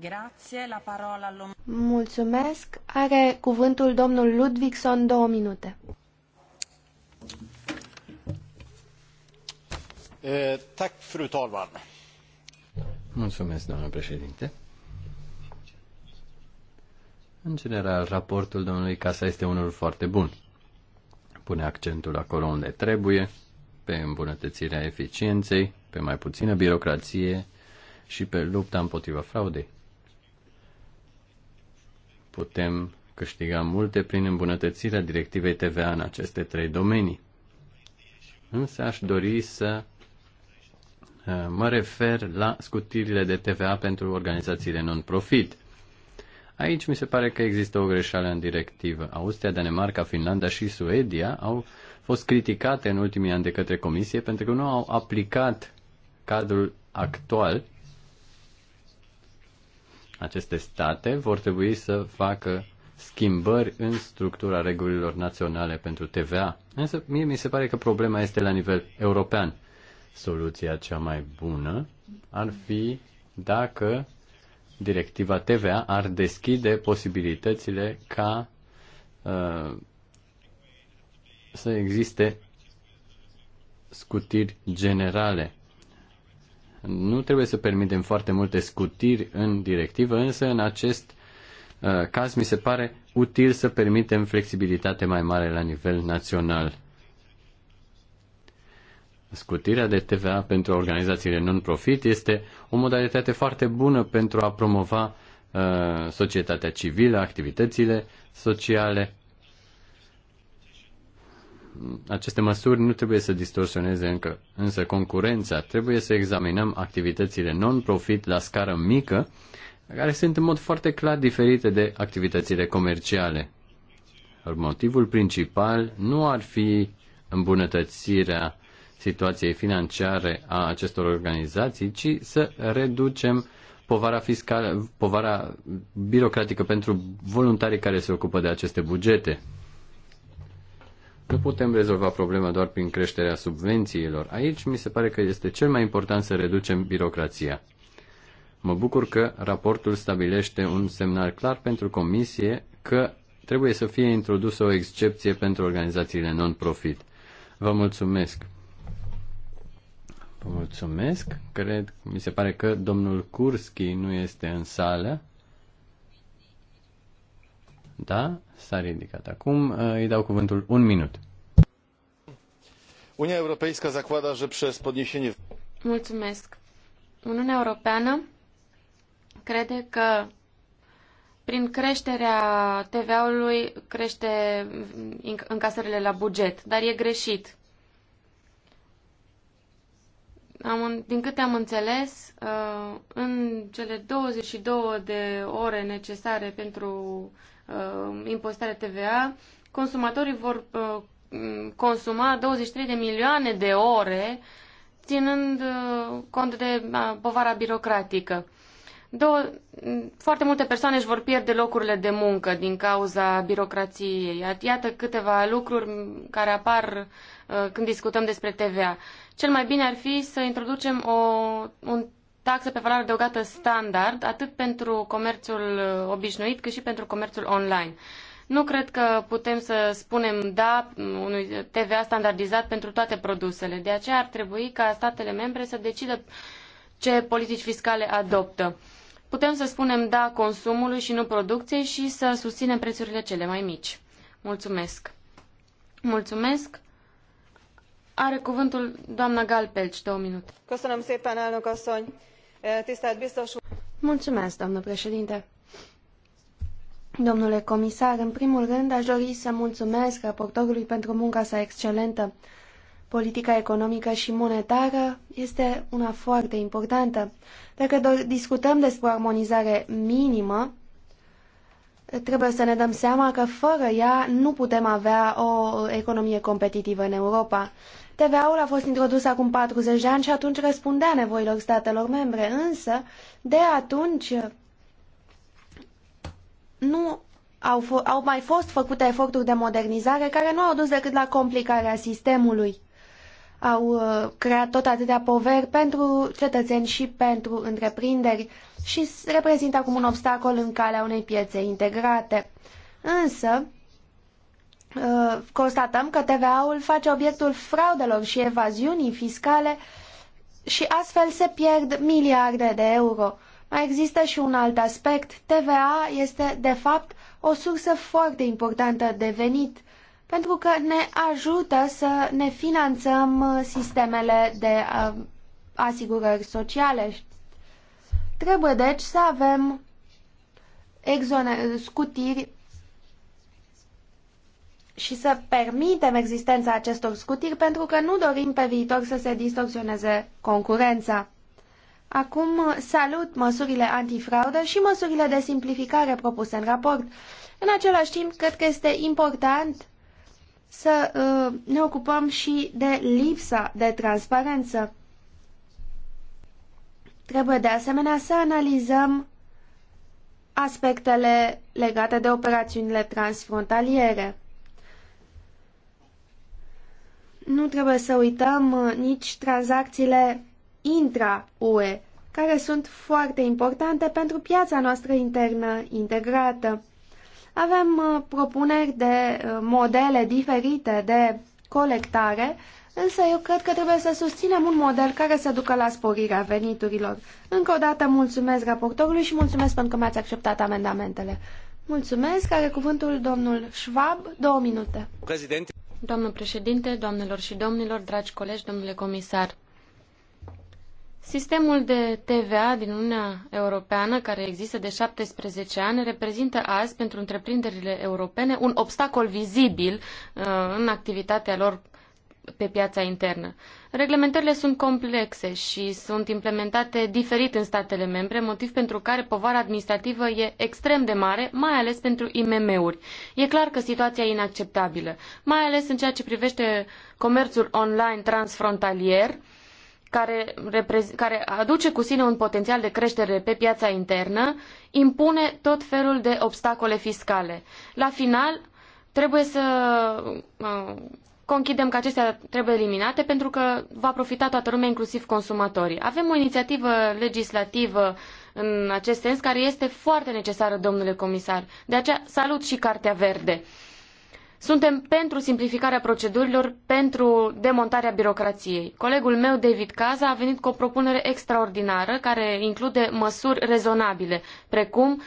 Grazie, la parola lui. Mulțumesc. Are cuvântul domnul Ludvigson două minute. Eh, tak, fru talman. Mulțumesc, domnule președinte. În general, raportul domnului Casa este unul foarte bun. Pune accentul acolo unde trebuie, pe îmbunătățirea eficienței, pe mai puțină birocrație și pe lupta împotriva fraudei. Putem câștiga multe prin îmbunătățirea directivei TVA în aceste trei domenii. Însă aș dori să uh, mă refer la scutirile de TVA pentru organizațiile non-profit. Aici mi se pare că există o greșeală în directivă. Austria, Danemarca, Finlanda și Suedia au fost criticate în ultimii ani de către Comisie pentru că nu au aplicat cadrul actual aceste state vor trebui să facă schimbări în structura regulilor naționale pentru TVA. Însă mie mi se pare că problema este la nivel european. Soluția cea mai bună ar fi dacă directiva TVA ar deschide posibilitățile ca uh, să existe scutiri generale nu trebuie să permitem foarte multe scutiri în directivă, însă în acest uh, caz mi se pare util să permitem flexibilitate mai mare la nivel național. Scutirea de TVA pentru organizațiile non-profit este o modalitate foarte bună pentru a promova uh, societatea civilă, activitățile sociale aceste măsuri nu trebuie să distorsioneze încă, însă concurența. Trebuie să examinăm activitățile non-profit la scară mică, care sunt în mod foarte clar diferite de activitățile comerciale. Motivul principal nu ar fi îmbunătățirea situației financiare a acestor organizații, ci să reducem povara fiscală, povara birocratică pentru voluntarii care se ocupă de aceste bugete nu putem rezolva problema doar prin creșterea subvențiilor. Aici mi se pare că este cel mai important să reducem birocrația. Mă bucur că raportul stabilește un semnal clar pentru comisie că trebuie să fie introdusă o excepție pentru organizațiile non-profit. Vă mulțumesc! Vă mulțumesc! Cred, mi se pare că domnul Kurski nu este în sală. Da, s-a ridicat. Acum uh, îi dau cuvântul un minut. Uniunea Europeană zakłada, że przez podnișenie... Mulțumesc. Uniunea Europeană crede că prin creșterea TVA-ului crește încasările la buget, dar e greșit. Am, din câte am înțeles, uh, în cele 22 de ore necesare pentru Uh, impostare TVA, consumatorii vor uh, consuma 23 de milioane de ore ținând uh, cont de povara birocratică. Două, foarte multe persoane își vor pierde locurile de muncă din cauza birocrației. Iată câteva lucruri care apar când discutăm despre TVA. Cel mai bine ar fi să introducem o, un taxă pe valoare adăugată standard, atât pentru comerțul uh, obișnuit, cât și pentru comerțul online. Nu cred că putem să spunem da unui TVA standardizat pentru toate produsele. De aceea ar trebui ca statele membre să decidă ce politici fiscale adoptă. Putem să spunem da consumului și nu producției și să susținem prețurile cele mai mici. Mulțumesc. Mulțumesc. Are cuvântul doamna Galpelci, două minute. Köszönöm szépen, elnök asszony. Mulțumesc, președinte! Domnule comisar, în primul rând aș dori să mulțumesc raportorului pentru munca sa excelentă. Politica economică și monetară este una foarte importantă. Dacă discutăm despre o armonizare minimă, trebuie să ne dăm seama că fără ea nu putem avea o economie competitivă în Europa. TVA-ul a fost introdus acum 40 de ani și atunci răspundea nevoilor statelor membre, însă de atunci nu au, au mai fost făcute eforturi de modernizare care nu au dus decât la complicarea sistemului. Au uh, creat tot atâtea poveri pentru cetățeni și pentru întreprinderi și reprezintă acum un obstacol în calea unei piețe integrate. Însă, Uh, constatăm că TVA-ul face obiectul fraudelor și evaziunii fiscale și astfel se pierd miliarde de euro. Mai există și un alt aspect. TVA este, de fapt, o sursă foarte importantă de venit, pentru că ne ajută să ne finanțăm sistemele de uh, asigurări sociale. Trebuie, deci, să avem exoner- scutiri și să permitem existența acestor scutiri pentru că nu dorim pe viitor să se distorsioneze concurența. Acum salut măsurile antifraudă și măsurile de simplificare propuse în raport. În același timp, cred că este important să uh, ne ocupăm și de lipsa de transparență. Trebuie de asemenea să analizăm aspectele legate de operațiunile transfrontaliere. Nu trebuie să uităm uh, nici tranzacțiile intra-UE, care sunt foarte importante pentru piața noastră internă integrată. Avem uh, propuneri de uh, modele diferite de colectare, însă eu cred că trebuie să susținem un model care să ducă la sporirea veniturilor. Încă o dată mulțumesc raportorului și mulțumesc pentru că mi-ați acceptat amendamentele. Mulțumesc. Are cuvântul domnul Schwab. Două minute. Doamnă președinte, doamnelor și domnilor, dragi colegi, domnule comisar. Sistemul de TVA din Uniunea Europeană, care există de 17 ani, reprezintă azi pentru întreprinderile europene un obstacol vizibil uh, în activitatea lor pe piața internă. Reglementările sunt complexe și sunt implementate diferit în statele membre, motiv pentru care povara administrativă e extrem de mare, mai ales pentru IMM-uri. E clar că situația e inacceptabilă, mai ales în ceea ce privește comerțul online transfrontalier, care, care aduce cu sine un potențial de creștere pe piața internă, impune tot felul de obstacole fiscale. La final, trebuie să uh, conchidem că acestea trebuie eliminate pentru că va profita toată lumea, inclusiv consumatorii. Avem o inițiativă legislativă în acest sens care este foarte necesară, domnule comisar. De aceea salut și Cartea Verde. Suntem pentru simplificarea procedurilor, pentru demontarea birocrației. Colegul meu, David Caza, a venit cu o propunere extraordinară care include măsuri rezonabile, precum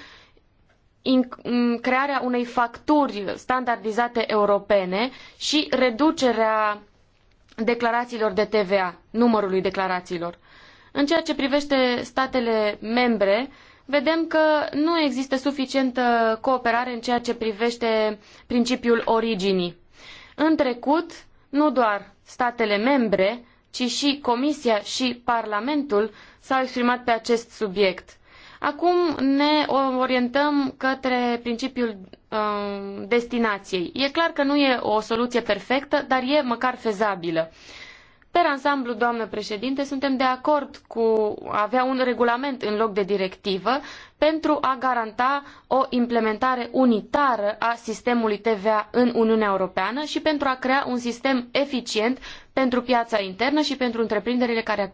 crearea unei facturi standardizate europene și reducerea declarațiilor de TVA, numărului declarațiilor. În ceea ce privește statele membre, vedem că nu există suficientă cooperare în ceea ce privește principiul originii. În trecut, nu doar statele membre, ci și Comisia și Parlamentul s-au exprimat pe acest subiect. Acum ne orientăm către principiul um, destinației. E clar că nu e o soluție perfectă, dar e măcar fezabilă. Per ansamblu, doamnă președinte, suntem de acord cu avea un regulament în loc de directivă pentru a garanta o implementare unitară a sistemului TVA în Uniunea Europeană și pentru a crea un sistem eficient pentru piața internă și pentru întreprinderile care,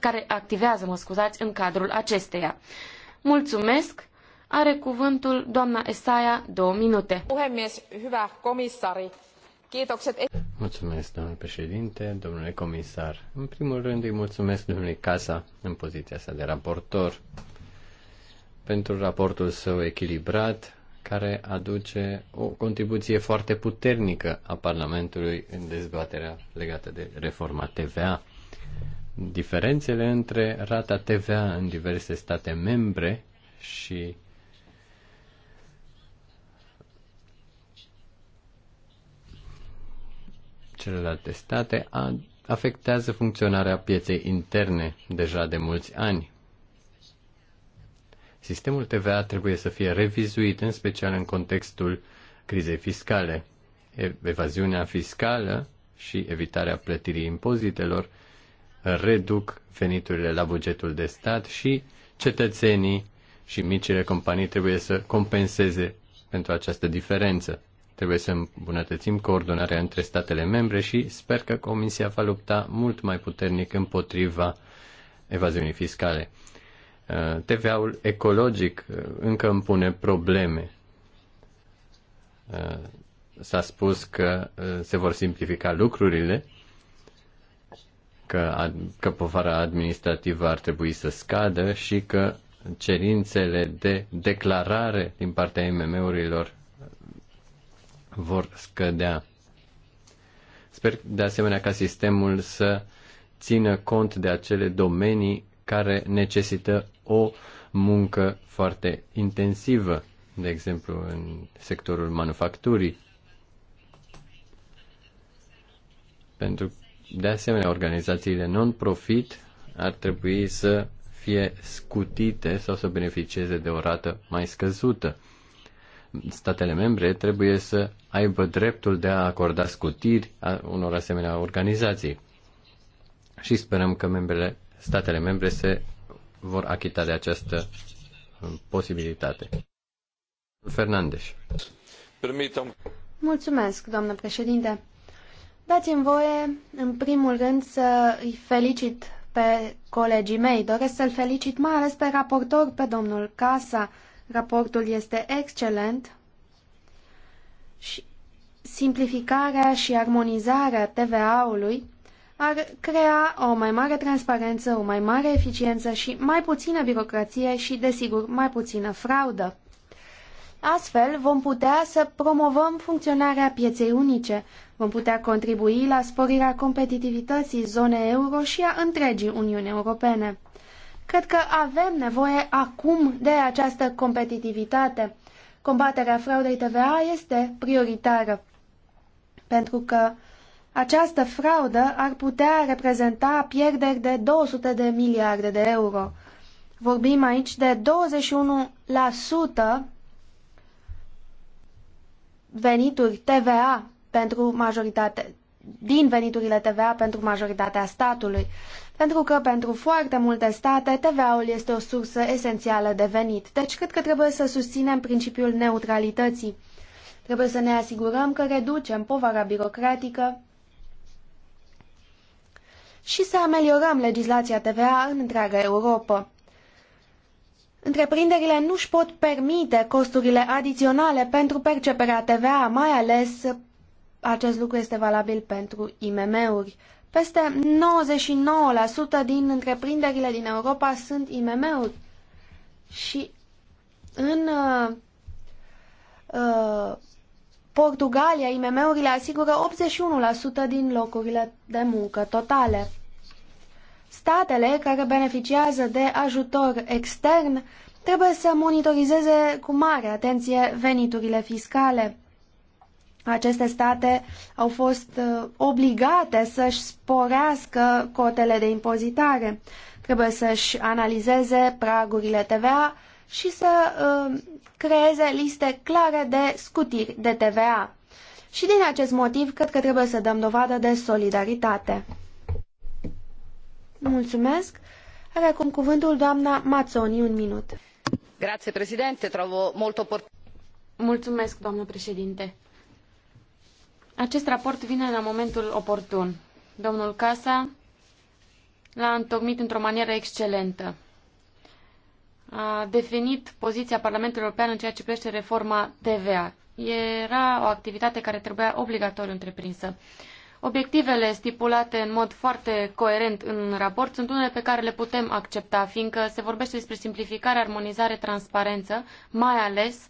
care activează mă scuzați, în cadrul acesteia. Mulțumesc! Are cuvântul doamna Esaia, două minute. Mulțumesc, domnule președinte, domnule comisar. În primul rând îi mulțumesc domnului Casa în poziția sa de raportor pentru raportul său echilibrat, care aduce o contribuție foarte puternică a Parlamentului în dezbaterea legată de reforma TVA diferențele între rata TVA în diverse state membre și celelalte state afectează funcționarea pieței interne deja de mulți ani. Sistemul TVA trebuie să fie revizuit, în special în contextul crizei fiscale. Evaziunea fiscală și evitarea plătirii impozitelor reduc veniturile la bugetul de stat și cetățenii și micile companii trebuie să compenseze pentru această diferență. Trebuie să îmbunătățim coordonarea între statele membre și sper că Comisia va lupta mult mai puternic împotriva evaziunii fiscale. Uh, TVA-ul ecologic uh, încă îmi pune probleme. Uh, S-a spus că se vor simplifica lucrurile, că, că povara administrativă ar trebui să scadă și că cerințele de declarare din partea IMM-urilor vor scădea. Sper de asemenea ca sistemul să țină cont de acele domenii care necesită o muncă foarte intensivă, de exemplu în sectorul manufacturii. Pentru de asemenea, organizațiile non-profit ar trebui să fie scutite sau să beneficieze de o rată mai scăzută. Statele membre trebuie să aibă dreptul de a acorda scutiri a unor asemenea organizații. Și sperăm că membrele, statele membre se vor achita de această um, posibilitate. Fernandes. Mulțumesc, doamnă președinte. Dați-mi voie, în primul rând, să îi felicit pe colegii mei. Doresc să-l felicit mai ales pe raportor, pe domnul Casa. Raportul este excelent și simplificarea și armonizarea TVA-ului ar crea o mai mare transparență, o mai mare eficiență și mai puțină birocrație și, desigur, mai puțină fraudă. Astfel, vom putea să promovăm funcționarea pieței unice, vom putea contribui la sporirea competitivității zonei euro și a întregii Uniuni Europene. Cred că avem nevoie acum de această competitivitate. Combaterea fraudei TVA este prioritară, pentru că această fraudă ar putea reprezenta pierderi de 200 de miliarde de euro. Vorbim aici de 21% venituri TVA pentru majoritate, din veniturile TVA pentru majoritatea statului, pentru că pentru foarte multe state TVA-ul este o sursă esențială de venit. Deci cred că trebuie să susținem principiul neutralității. Trebuie să ne asigurăm că reducem povara birocratică și să ameliorăm legislația TVA în întreaga Europa. Întreprinderile nu își pot permite costurile adiționale pentru perceperea TVA, mai ales acest lucru este valabil pentru IMM-uri. Peste 99% din întreprinderile din Europa sunt IMM-uri și în uh, uh Portugalia IMM-urile asigură 81% din locurile de muncă totale. Statele care beneficiază de ajutor extern trebuie să monitorizeze cu mare atenție veniturile fiscale. Aceste state au fost uh, obligate să-și sporească cotele de impozitare. Trebuie să-și analizeze pragurile TVA și să uh, creeze liste clare de scutiri de TVA. Și din acest motiv, cred că trebuie să dăm dovadă de solidaritate. Mulțumesc. Are acum cuvântul doamna Mazzoni, un minut. Grazie, președinte. Trovo molto Mulțumesc, doamnă președinte. Acest raport vine la momentul oportun. Domnul Casa l-a întocmit într-o manieră excelentă. A definit poziția Parlamentului European în ceea ce privește reforma TVA. Era o activitate care trebuia obligatoriu întreprinsă. Obiectivele stipulate în mod foarte coerent în raport sunt unele pe care le putem accepta, fiindcă se vorbește despre simplificare, armonizare, transparență, mai ales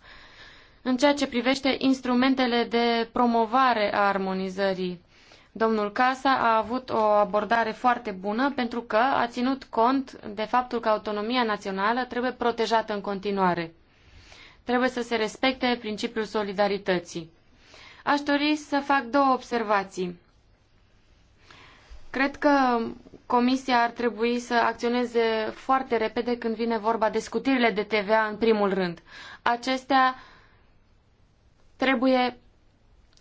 în ceea ce privește instrumentele de promovare a armonizării. Domnul Casa a avut o abordare foarte bună pentru că a ținut cont de faptul că autonomia națională trebuie protejată în continuare. Trebuie să se respecte principiul solidarității. Aș dori să fac două observații. Cred că Comisia ar trebui să acționeze foarte repede când vine vorba de scutirile de TVA în primul rând. Acestea trebuie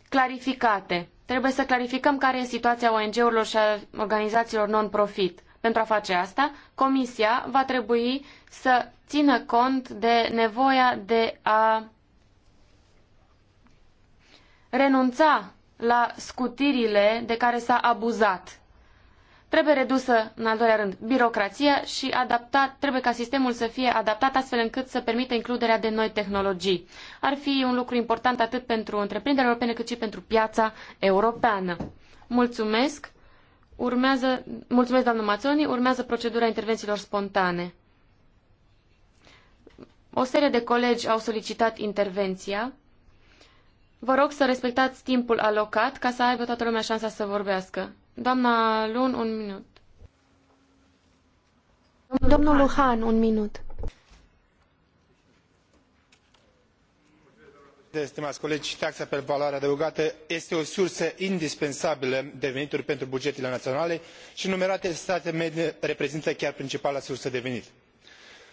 clarificate. Trebuie să clarificăm care este situația ONG-urilor și a organizațiilor non-profit. Pentru a face asta, Comisia va trebui să țină cont de nevoia de a renunța la scutirile de care s-a abuzat Trebuie redusă, în al doilea rând, birocrația și adaptat, trebuie ca sistemul să fie adaptat astfel încât să permită includerea de noi tehnologii. Ar fi un lucru important atât pentru întreprinderile europene cât și pentru piața europeană. Mulțumesc. Urmează, mulțumesc, doamnă Mazzoni. Urmează procedura intervențiilor spontane. O serie de colegi au solicitat intervenția. Vă rog să respectați timpul alocat ca să aibă toată lumea șansa să vorbească. Doamna Lun, un minut. Domnul Luhan, un minut. Stimați colegi, taxa pe valoare adăugată este o sursă indispensabilă de venituri pentru bugetele naționale și numerate state medie reprezintă chiar principala sursă de venit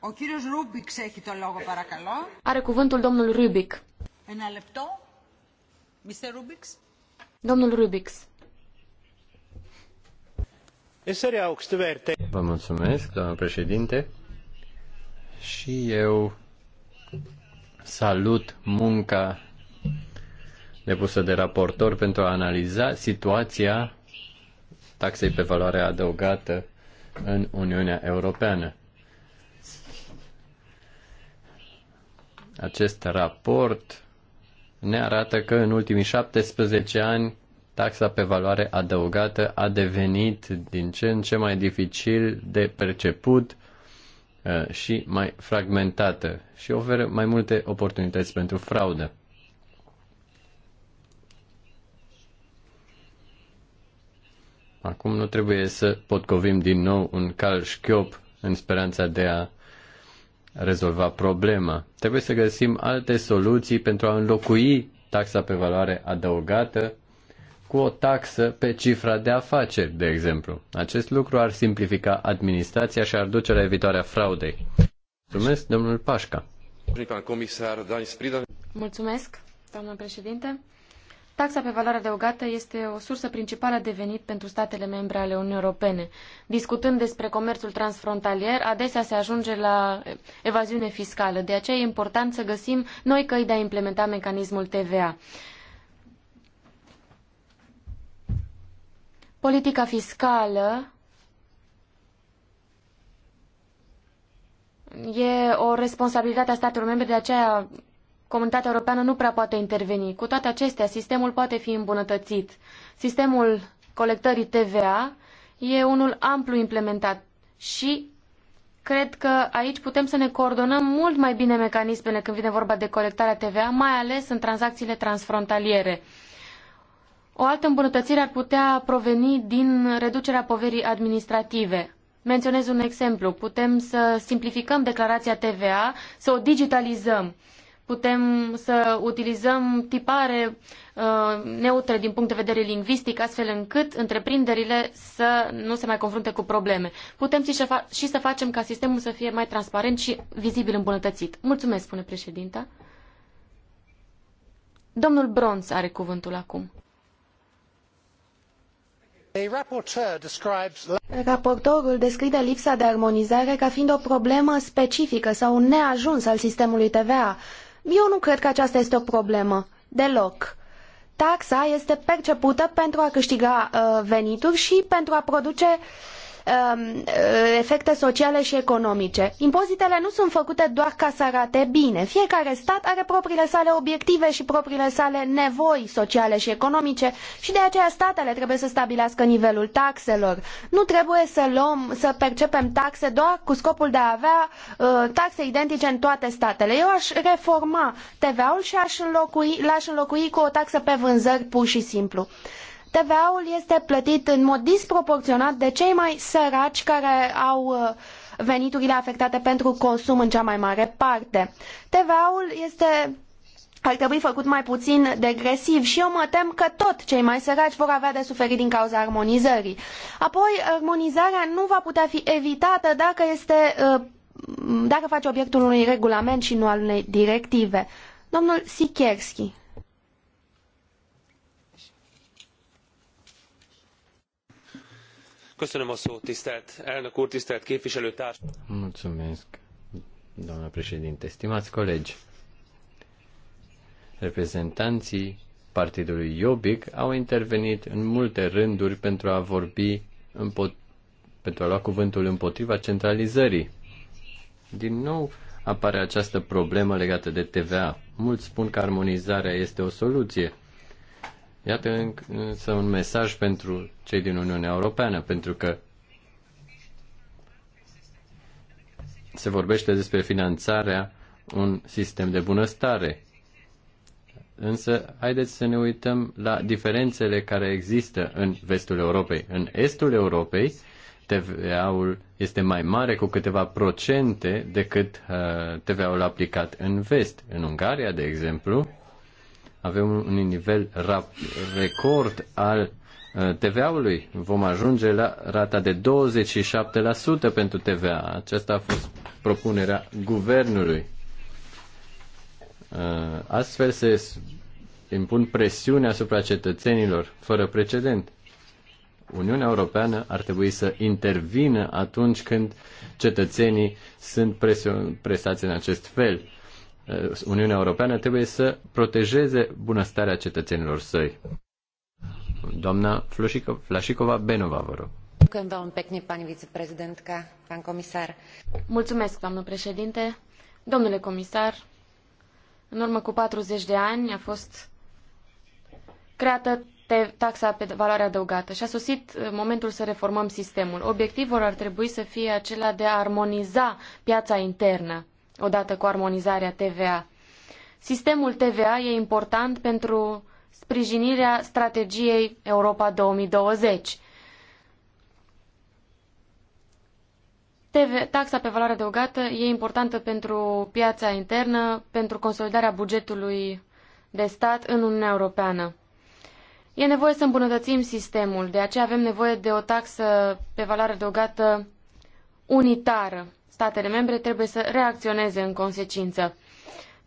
Ο κύριος Ρούμπιξ έχει το λόγο παρακαλώ. Are cuvântul domnul Rubic. Ένα λεπτό. Mr. Rubix? Domnul Rubix. Vă mulțumesc, doamnă președinte. Și eu salut munca depusă de raportor pentru a analiza situația taxei pe valoare adăugată în Uniunea Europeană. Acest raport ne arată că în ultimii 17 ani taxa pe valoare adăugată a devenit din ce în ce mai dificil de perceput uh, și mai fragmentată și oferă mai multe oportunități pentru fraudă. Acum nu trebuie să potcovim din nou un cal șchiop în speranța de a rezolva problema. Trebuie să găsim alte soluții pentru a înlocui taxa pe valoare adăugată cu o taxă pe cifra de afaceri, de exemplu. Acest lucru ar simplifica administrația și ar duce la evitarea fraudei. Mulțumesc, domnul Pașca. Mulțumesc, doamnă președinte. Taxa pe valoare adăugată este o sursă principală de venit pentru statele membre ale Uniunii Europene. Discutând despre comerțul transfrontalier, adesea se ajunge la evaziune fiscală. De aceea e important să găsim noi căi de a implementa mecanismul TVA. Politica fiscală e o responsabilitate a statelor membre, de aceea comunitatea europeană nu prea poate interveni. Cu toate acestea, sistemul poate fi îmbunătățit. Sistemul colectării TVA e unul amplu implementat și cred că aici putem să ne coordonăm mult mai bine mecanismele când vine vorba de colectarea TVA, mai ales în tranzacțiile transfrontaliere. O altă îmbunătățire ar putea proveni din reducerea poverii administrative. Menționez un exemplu. Putem să simplificăm declarația TVA, să o digitalizăm putem să utilizăm tipare uh, neutre din punct de vedere lingvistic, astfel încât întreprinderile să nu se mai confrunte cu probleme. Putem și, fa și să facem ca sistemul să fie mai transparent și vizibil îmbunătățit. Mulțumesc, spune președinta. Domnul Bronz are cuvântul acum. Raportorul descrie lipsa de armonizare ca fiind o problemă specifică sau un neajuns al sistemului TVA, eu nu cred că aceasta este o problemă. Deloc. Taxa este percepută pentru a câștiga uh, venituri și pentru a produce uh, Um, efecte sociale și economice. Impozitele nu sunt făcute doar ca să arate bine. Fiecare stat are propriile sale obiective și propriile sale nevoi sociale și economice și de aceea statele trebuie să stabilească nivelul taxelor. Nu trebuie să luăm, să percepem taxe doar cu scopul de a avea uh, taxe identice în toate statele. Eu aș reforma TVA-ul și aș înlocui, l-aș înlocui cu o taxă pe vânzări pur și simplu. TVA-ul este plătit în mod disproporționat de cei mai săraci care au uh, veniturile afectate pentru consum în cea mai mare parte. TVA-ul este ar trebui făcut mai puțin degresiv și eu mă tem că tot cei mai săraci vor avea de suferit din cauza armonizării. Apoi, armonizarea nu va putea fi evitată dacă, este, uh, dacă face obiectul unui regulament și nu al unei directive. Domnul Sikierski. Köszönöm a szót, tisztelt elnök úr, tisztelt képviselőtárs. Mulțumesc, președinte. Stimați colegi, reprezentanții partidului Iobic au intervenit în multe rânduri pentru a vorbi pentru a lua cuvântul împotriva centralizării. Din nou apare această problemă legată de TVA. Mulți spun că armonizarea este o soluție, Iată însă un mesaj pentru cei din Uniunea Europeană, pentru că se vorbește despre finanțarea un sistem de bunăstare. Însă, haideți să ne uităm la diferențele care există în vestul Europei. În estul Europei, TVA-ul este mai mare cu câteva procente decât uh, TVA-ul aplicat în vest. În Ungaria, de exemplu, avem un nivel record al uh, TVA-ului. Vom ajunge la rata de 27% pentru TVA. Aceasta a fost propunerea guvernului. Uh, astfel se impun presiune asupra cetățenilor fără precedent. Uniunea Europeană ar trebui să intervină atunci când cetățenii sunt presați în acest fel. Uh, Uniunea Europeană trebuie să protejeze bunăstarea cetățenilor săi. Doamna Flașicova, Benova, vă rog. Mulțumesc, doamnă președinte. Domnule comisar, în urmă cu 40 de ani a fost creată taxa pe valoare adăugată și a sosit uh, momentul să reformăm sistemul. Obiectivul ar trebui să fie acela de a armoniza piața internă odată cu armonizarea TVA. Sistemul TVA e important pentru sprijinirea strategiei Europa 2020. TV, taxa pe valoare adăugată e importantă pentru piața internă, pentru consolidarea bugetului de stat în Uniunea Europeană. E nevoie să îmbunătățim sistemul, de aceea avem nevoie de o taxă pe valoare adăugată unitară statele membre trebuie să reacționeze în consecință.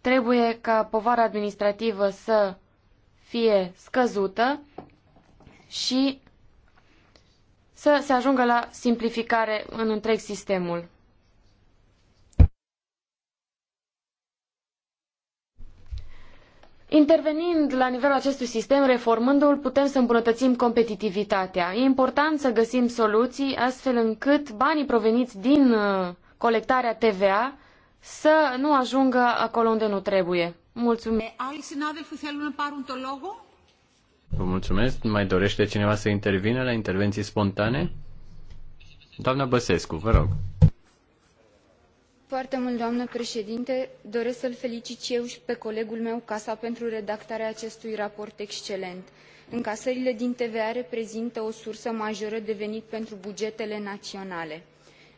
Trebuie ca povara administrativă să fie scăzută și să se ajungă la simplificare în întreg sistemul. Intervenind la nivelul acestui sistem, reformându-l, putem să îmbunătățim competitivitatea. E important să găsim soluții astfel încât banii proveniți din uh, colectarea TVA să nu ajungă acolo unde nu trebuie. Mulțumesc. Eh, vă mulțumesc. Mai dorește cineva să intervină la intervenții spontane? Doamna Băsescu, vă rog. Foarte mult, doamnă președinte. Doresc să-l felicit eu și pe colegul meu Casa pentru redactarea acestui raport excelent. Încasările din TVA reprezintă o sursă majoră de venit pentru bugetele naționale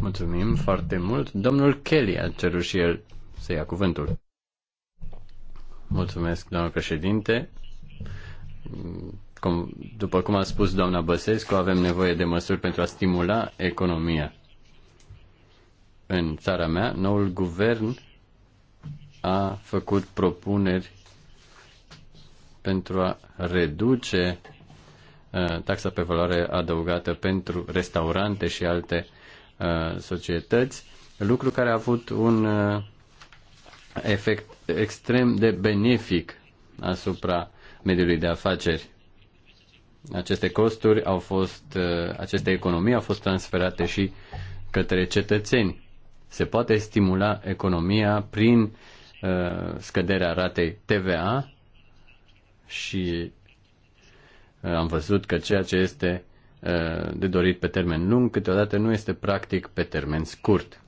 Mulțumim foarte mult. Domnul Kelly a cerut și el să ia cuvântul. Mulțumesc, doamnă președinte. Cum, după cum a spus doamna Băsescu, avem nevoie de măsuri pentru a stimula economia. În țara mea, noul guvern a făcut propuneri pentru a reduce Uh, taxa pe valoare adăugată pentru restaurante și alte uh, societăți, lucru care a avut un uh, efect extrem de benefic asupra mediului de afaceri. Aceste costuri au fost, aceste economii au fost transferate și către cetățeni. Se poate stimula economia prin uh, scăderea ratei TVA și Eh, am văzut că ceea ce este eh, de dorit pe termen lung, câteodată nu este practic pe termen scurt.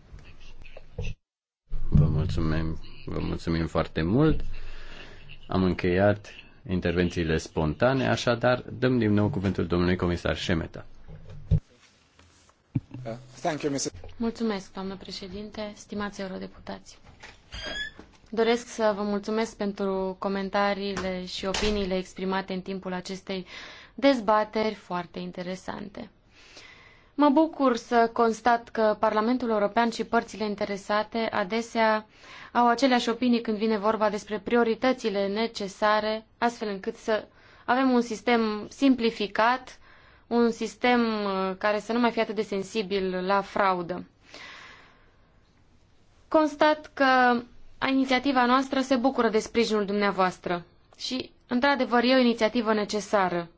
Vă mulțumim, vă mulțumim foarte mult. Am încheiat intervențiile spontane, așadar dăm din nou cuvântul domnului comisar Șemeta. Uh, Mulțumesc, doamnă președinte, stimați eurodeputați. Doresc să vă mulțumesc pentru comentariile și opiniile exprimate în timpul acestei dezbateri foarte interesante. Mă bucur să constat că Parlamentul European și părțile interesate adesea au aceleași opinii când vine vorba despre prioritățile necesare, astfel încât să avem un sistem simplificat, un sistem uh, care să nu mai fie atât de sensibil la fraudă. Constat că inițiativa noastră se bucură de sprijinul dumneavoastră și, într-adevăr, e o inițiativă necesară.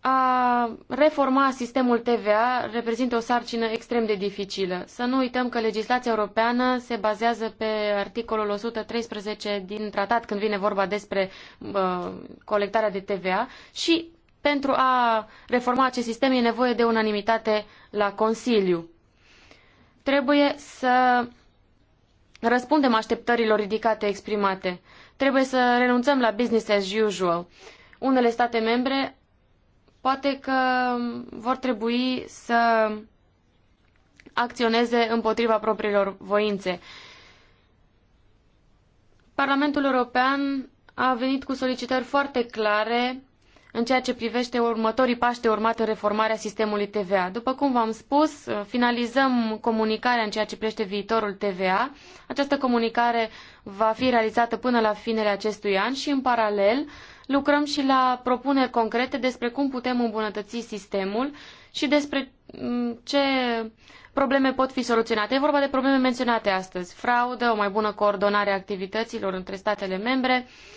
A reforma sistemul TVA reprezintă o sarcină extrem de dificilă. Să nu uităm că legislația europeană se bazează pe articolul 113 din tratat când vine vorba despre uh, colectarea de TVA și pentru a reforma acest sistem e nevoie de unanimitate la Consiliu. Trebuie să răspundem așteptărilor ridicate exprimate. Trebuie să renunțăm la business as usual. Unele state membre poate că vor trebui să acționeze împotriva propriilor voințe. Parlamentul European a venit cu solicitări foarte clare în ceea ce privește următorii pași de urmat în reformarea sistemului TVA. După cum v-am spus, finalizăm comunicarea în ceea ce privește viitorul TVA. Această comunicare va fi realizată până la finele acestui an și, în paralel, lucrăm și la propuneri concrete despre cum putem îmbunătăți sistemul și despre mm, ce probleme pot fi soluționate. E vorba de probleme menționate astăzi. Fraudă, o mai bună coordonare a activităților între statele membre, uh,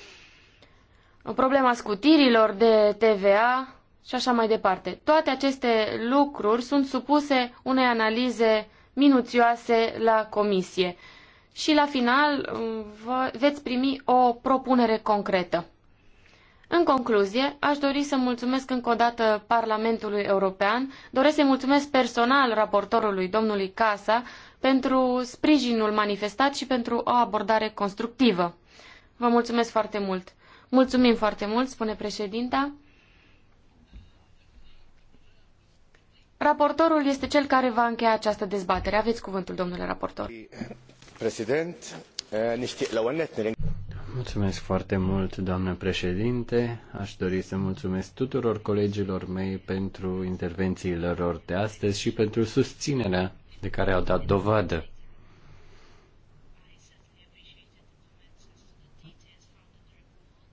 problema scutirilor de TVA și așa mai departe. Toate aceste lucruri sunt supuse unei analize minuțioase la comisie și la final mm, veți primi o propunere concretă. În concluzie, aș dori să mulțumesc încă o dată Parlamentului European, doresc să-i mulțumesc personal raportorului domnului Casa pentru sprijinul manifestat și pentru o abordare constructivă. Vă mulțumesc foarte mult! Mulțumim foarte mult, spune președinta. Raportorul este cel care va încheia această dezbatere. Aveți cuvântul, domnule raportor. Prezident, eh, Mulțumesc foarte mult, doamnă președinte. Aș dori să mulțumesc tuturor colegilor mei pentru intervențiile lor de astăzi și pentru susținerea de care au dat dovadă.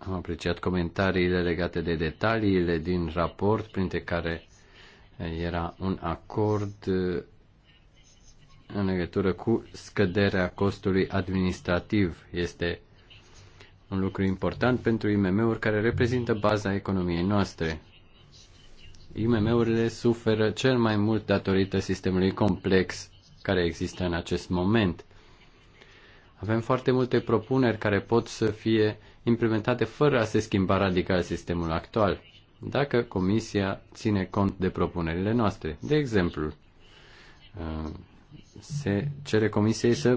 Am apreciat comentariile legate de detaliile din raport, printre care era un acord uh, în legătură cu scăderea costului administrativ. Este un lucru important pentru IMM-uri care reprezintă baza economiei noastre. IMM-urile suferă cel mai mult datorită sistemului complex care există în acest moment. Avem foarte multe propuneri care pot să fie implementate fără a se schimba radical sistemul actual, dacă Comisia ține cont de propunerile noastre. De exemplu, uh, se cere Comisiei să,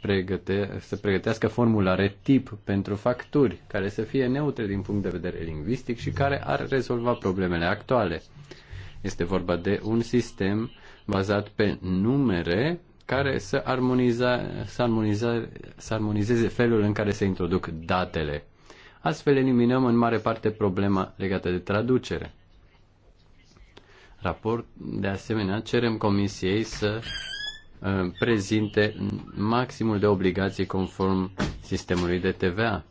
pregăte, să pregătească formulare tip pentru facturi care să fie neutre din punct de vedere lingvistic și care ar rezolva problemele actuale. Este vorba de un sistem bazat pe numere care să, armoniza, să, armoniza, să armonizeze felul în care se introduc datele. Astfel eliminăm în mare parte problema legată de traducere. Raport, de asemenea, cerem Comisiei să uh, prezinte maximul de obligații conform sistemului de TVA.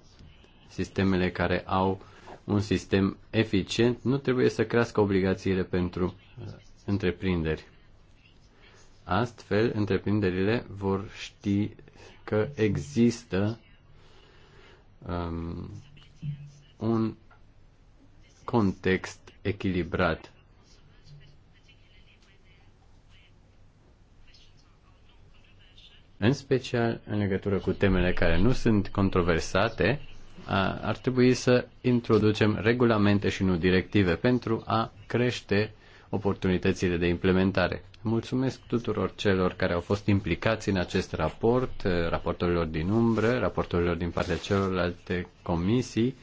Sistemele care au un sistem eficient nu trebuie să crească obligațiile pentru uh, întreprinderi. Astfel, întreprinderile vor ști că există um, un context echilibrat. În special în legătură cu temele care nu sunt controversate, ar trebui să introducem regulamente și nu directive pentru a crește uh, oportunitățile de implementare. Mulțumesc tuturor celor care au fost implicați în acest raport, eh, raportorilor din umbră, raportorilor din partea celorlalte comisii.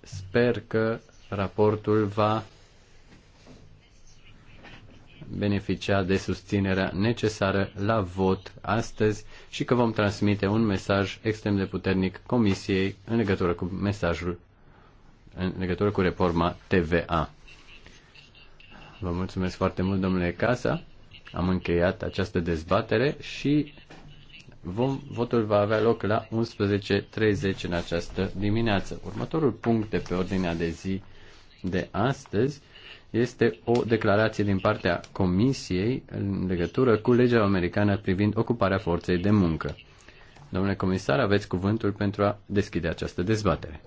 Sper că raportul va beneficia de susținerea necesară la vot astăzi și că vom transmite un mesaj extrem de puternic Comisiei în legătură cu mesajul în legătură cu reforma TVA. Vă mulțumesc foarte mult, domnule Casa. Am încheiat această dezbatere și vom, votul va avea loc la 11.30 în această dimineață. Următorul punct de pe ordinea de zi de astăzi este o declarație din partea Comisiei în legătură cu legea americană privind ocuparea forței de muncă. Domnule comisar, aveți cuvântul pentru a deschide această dezbatere.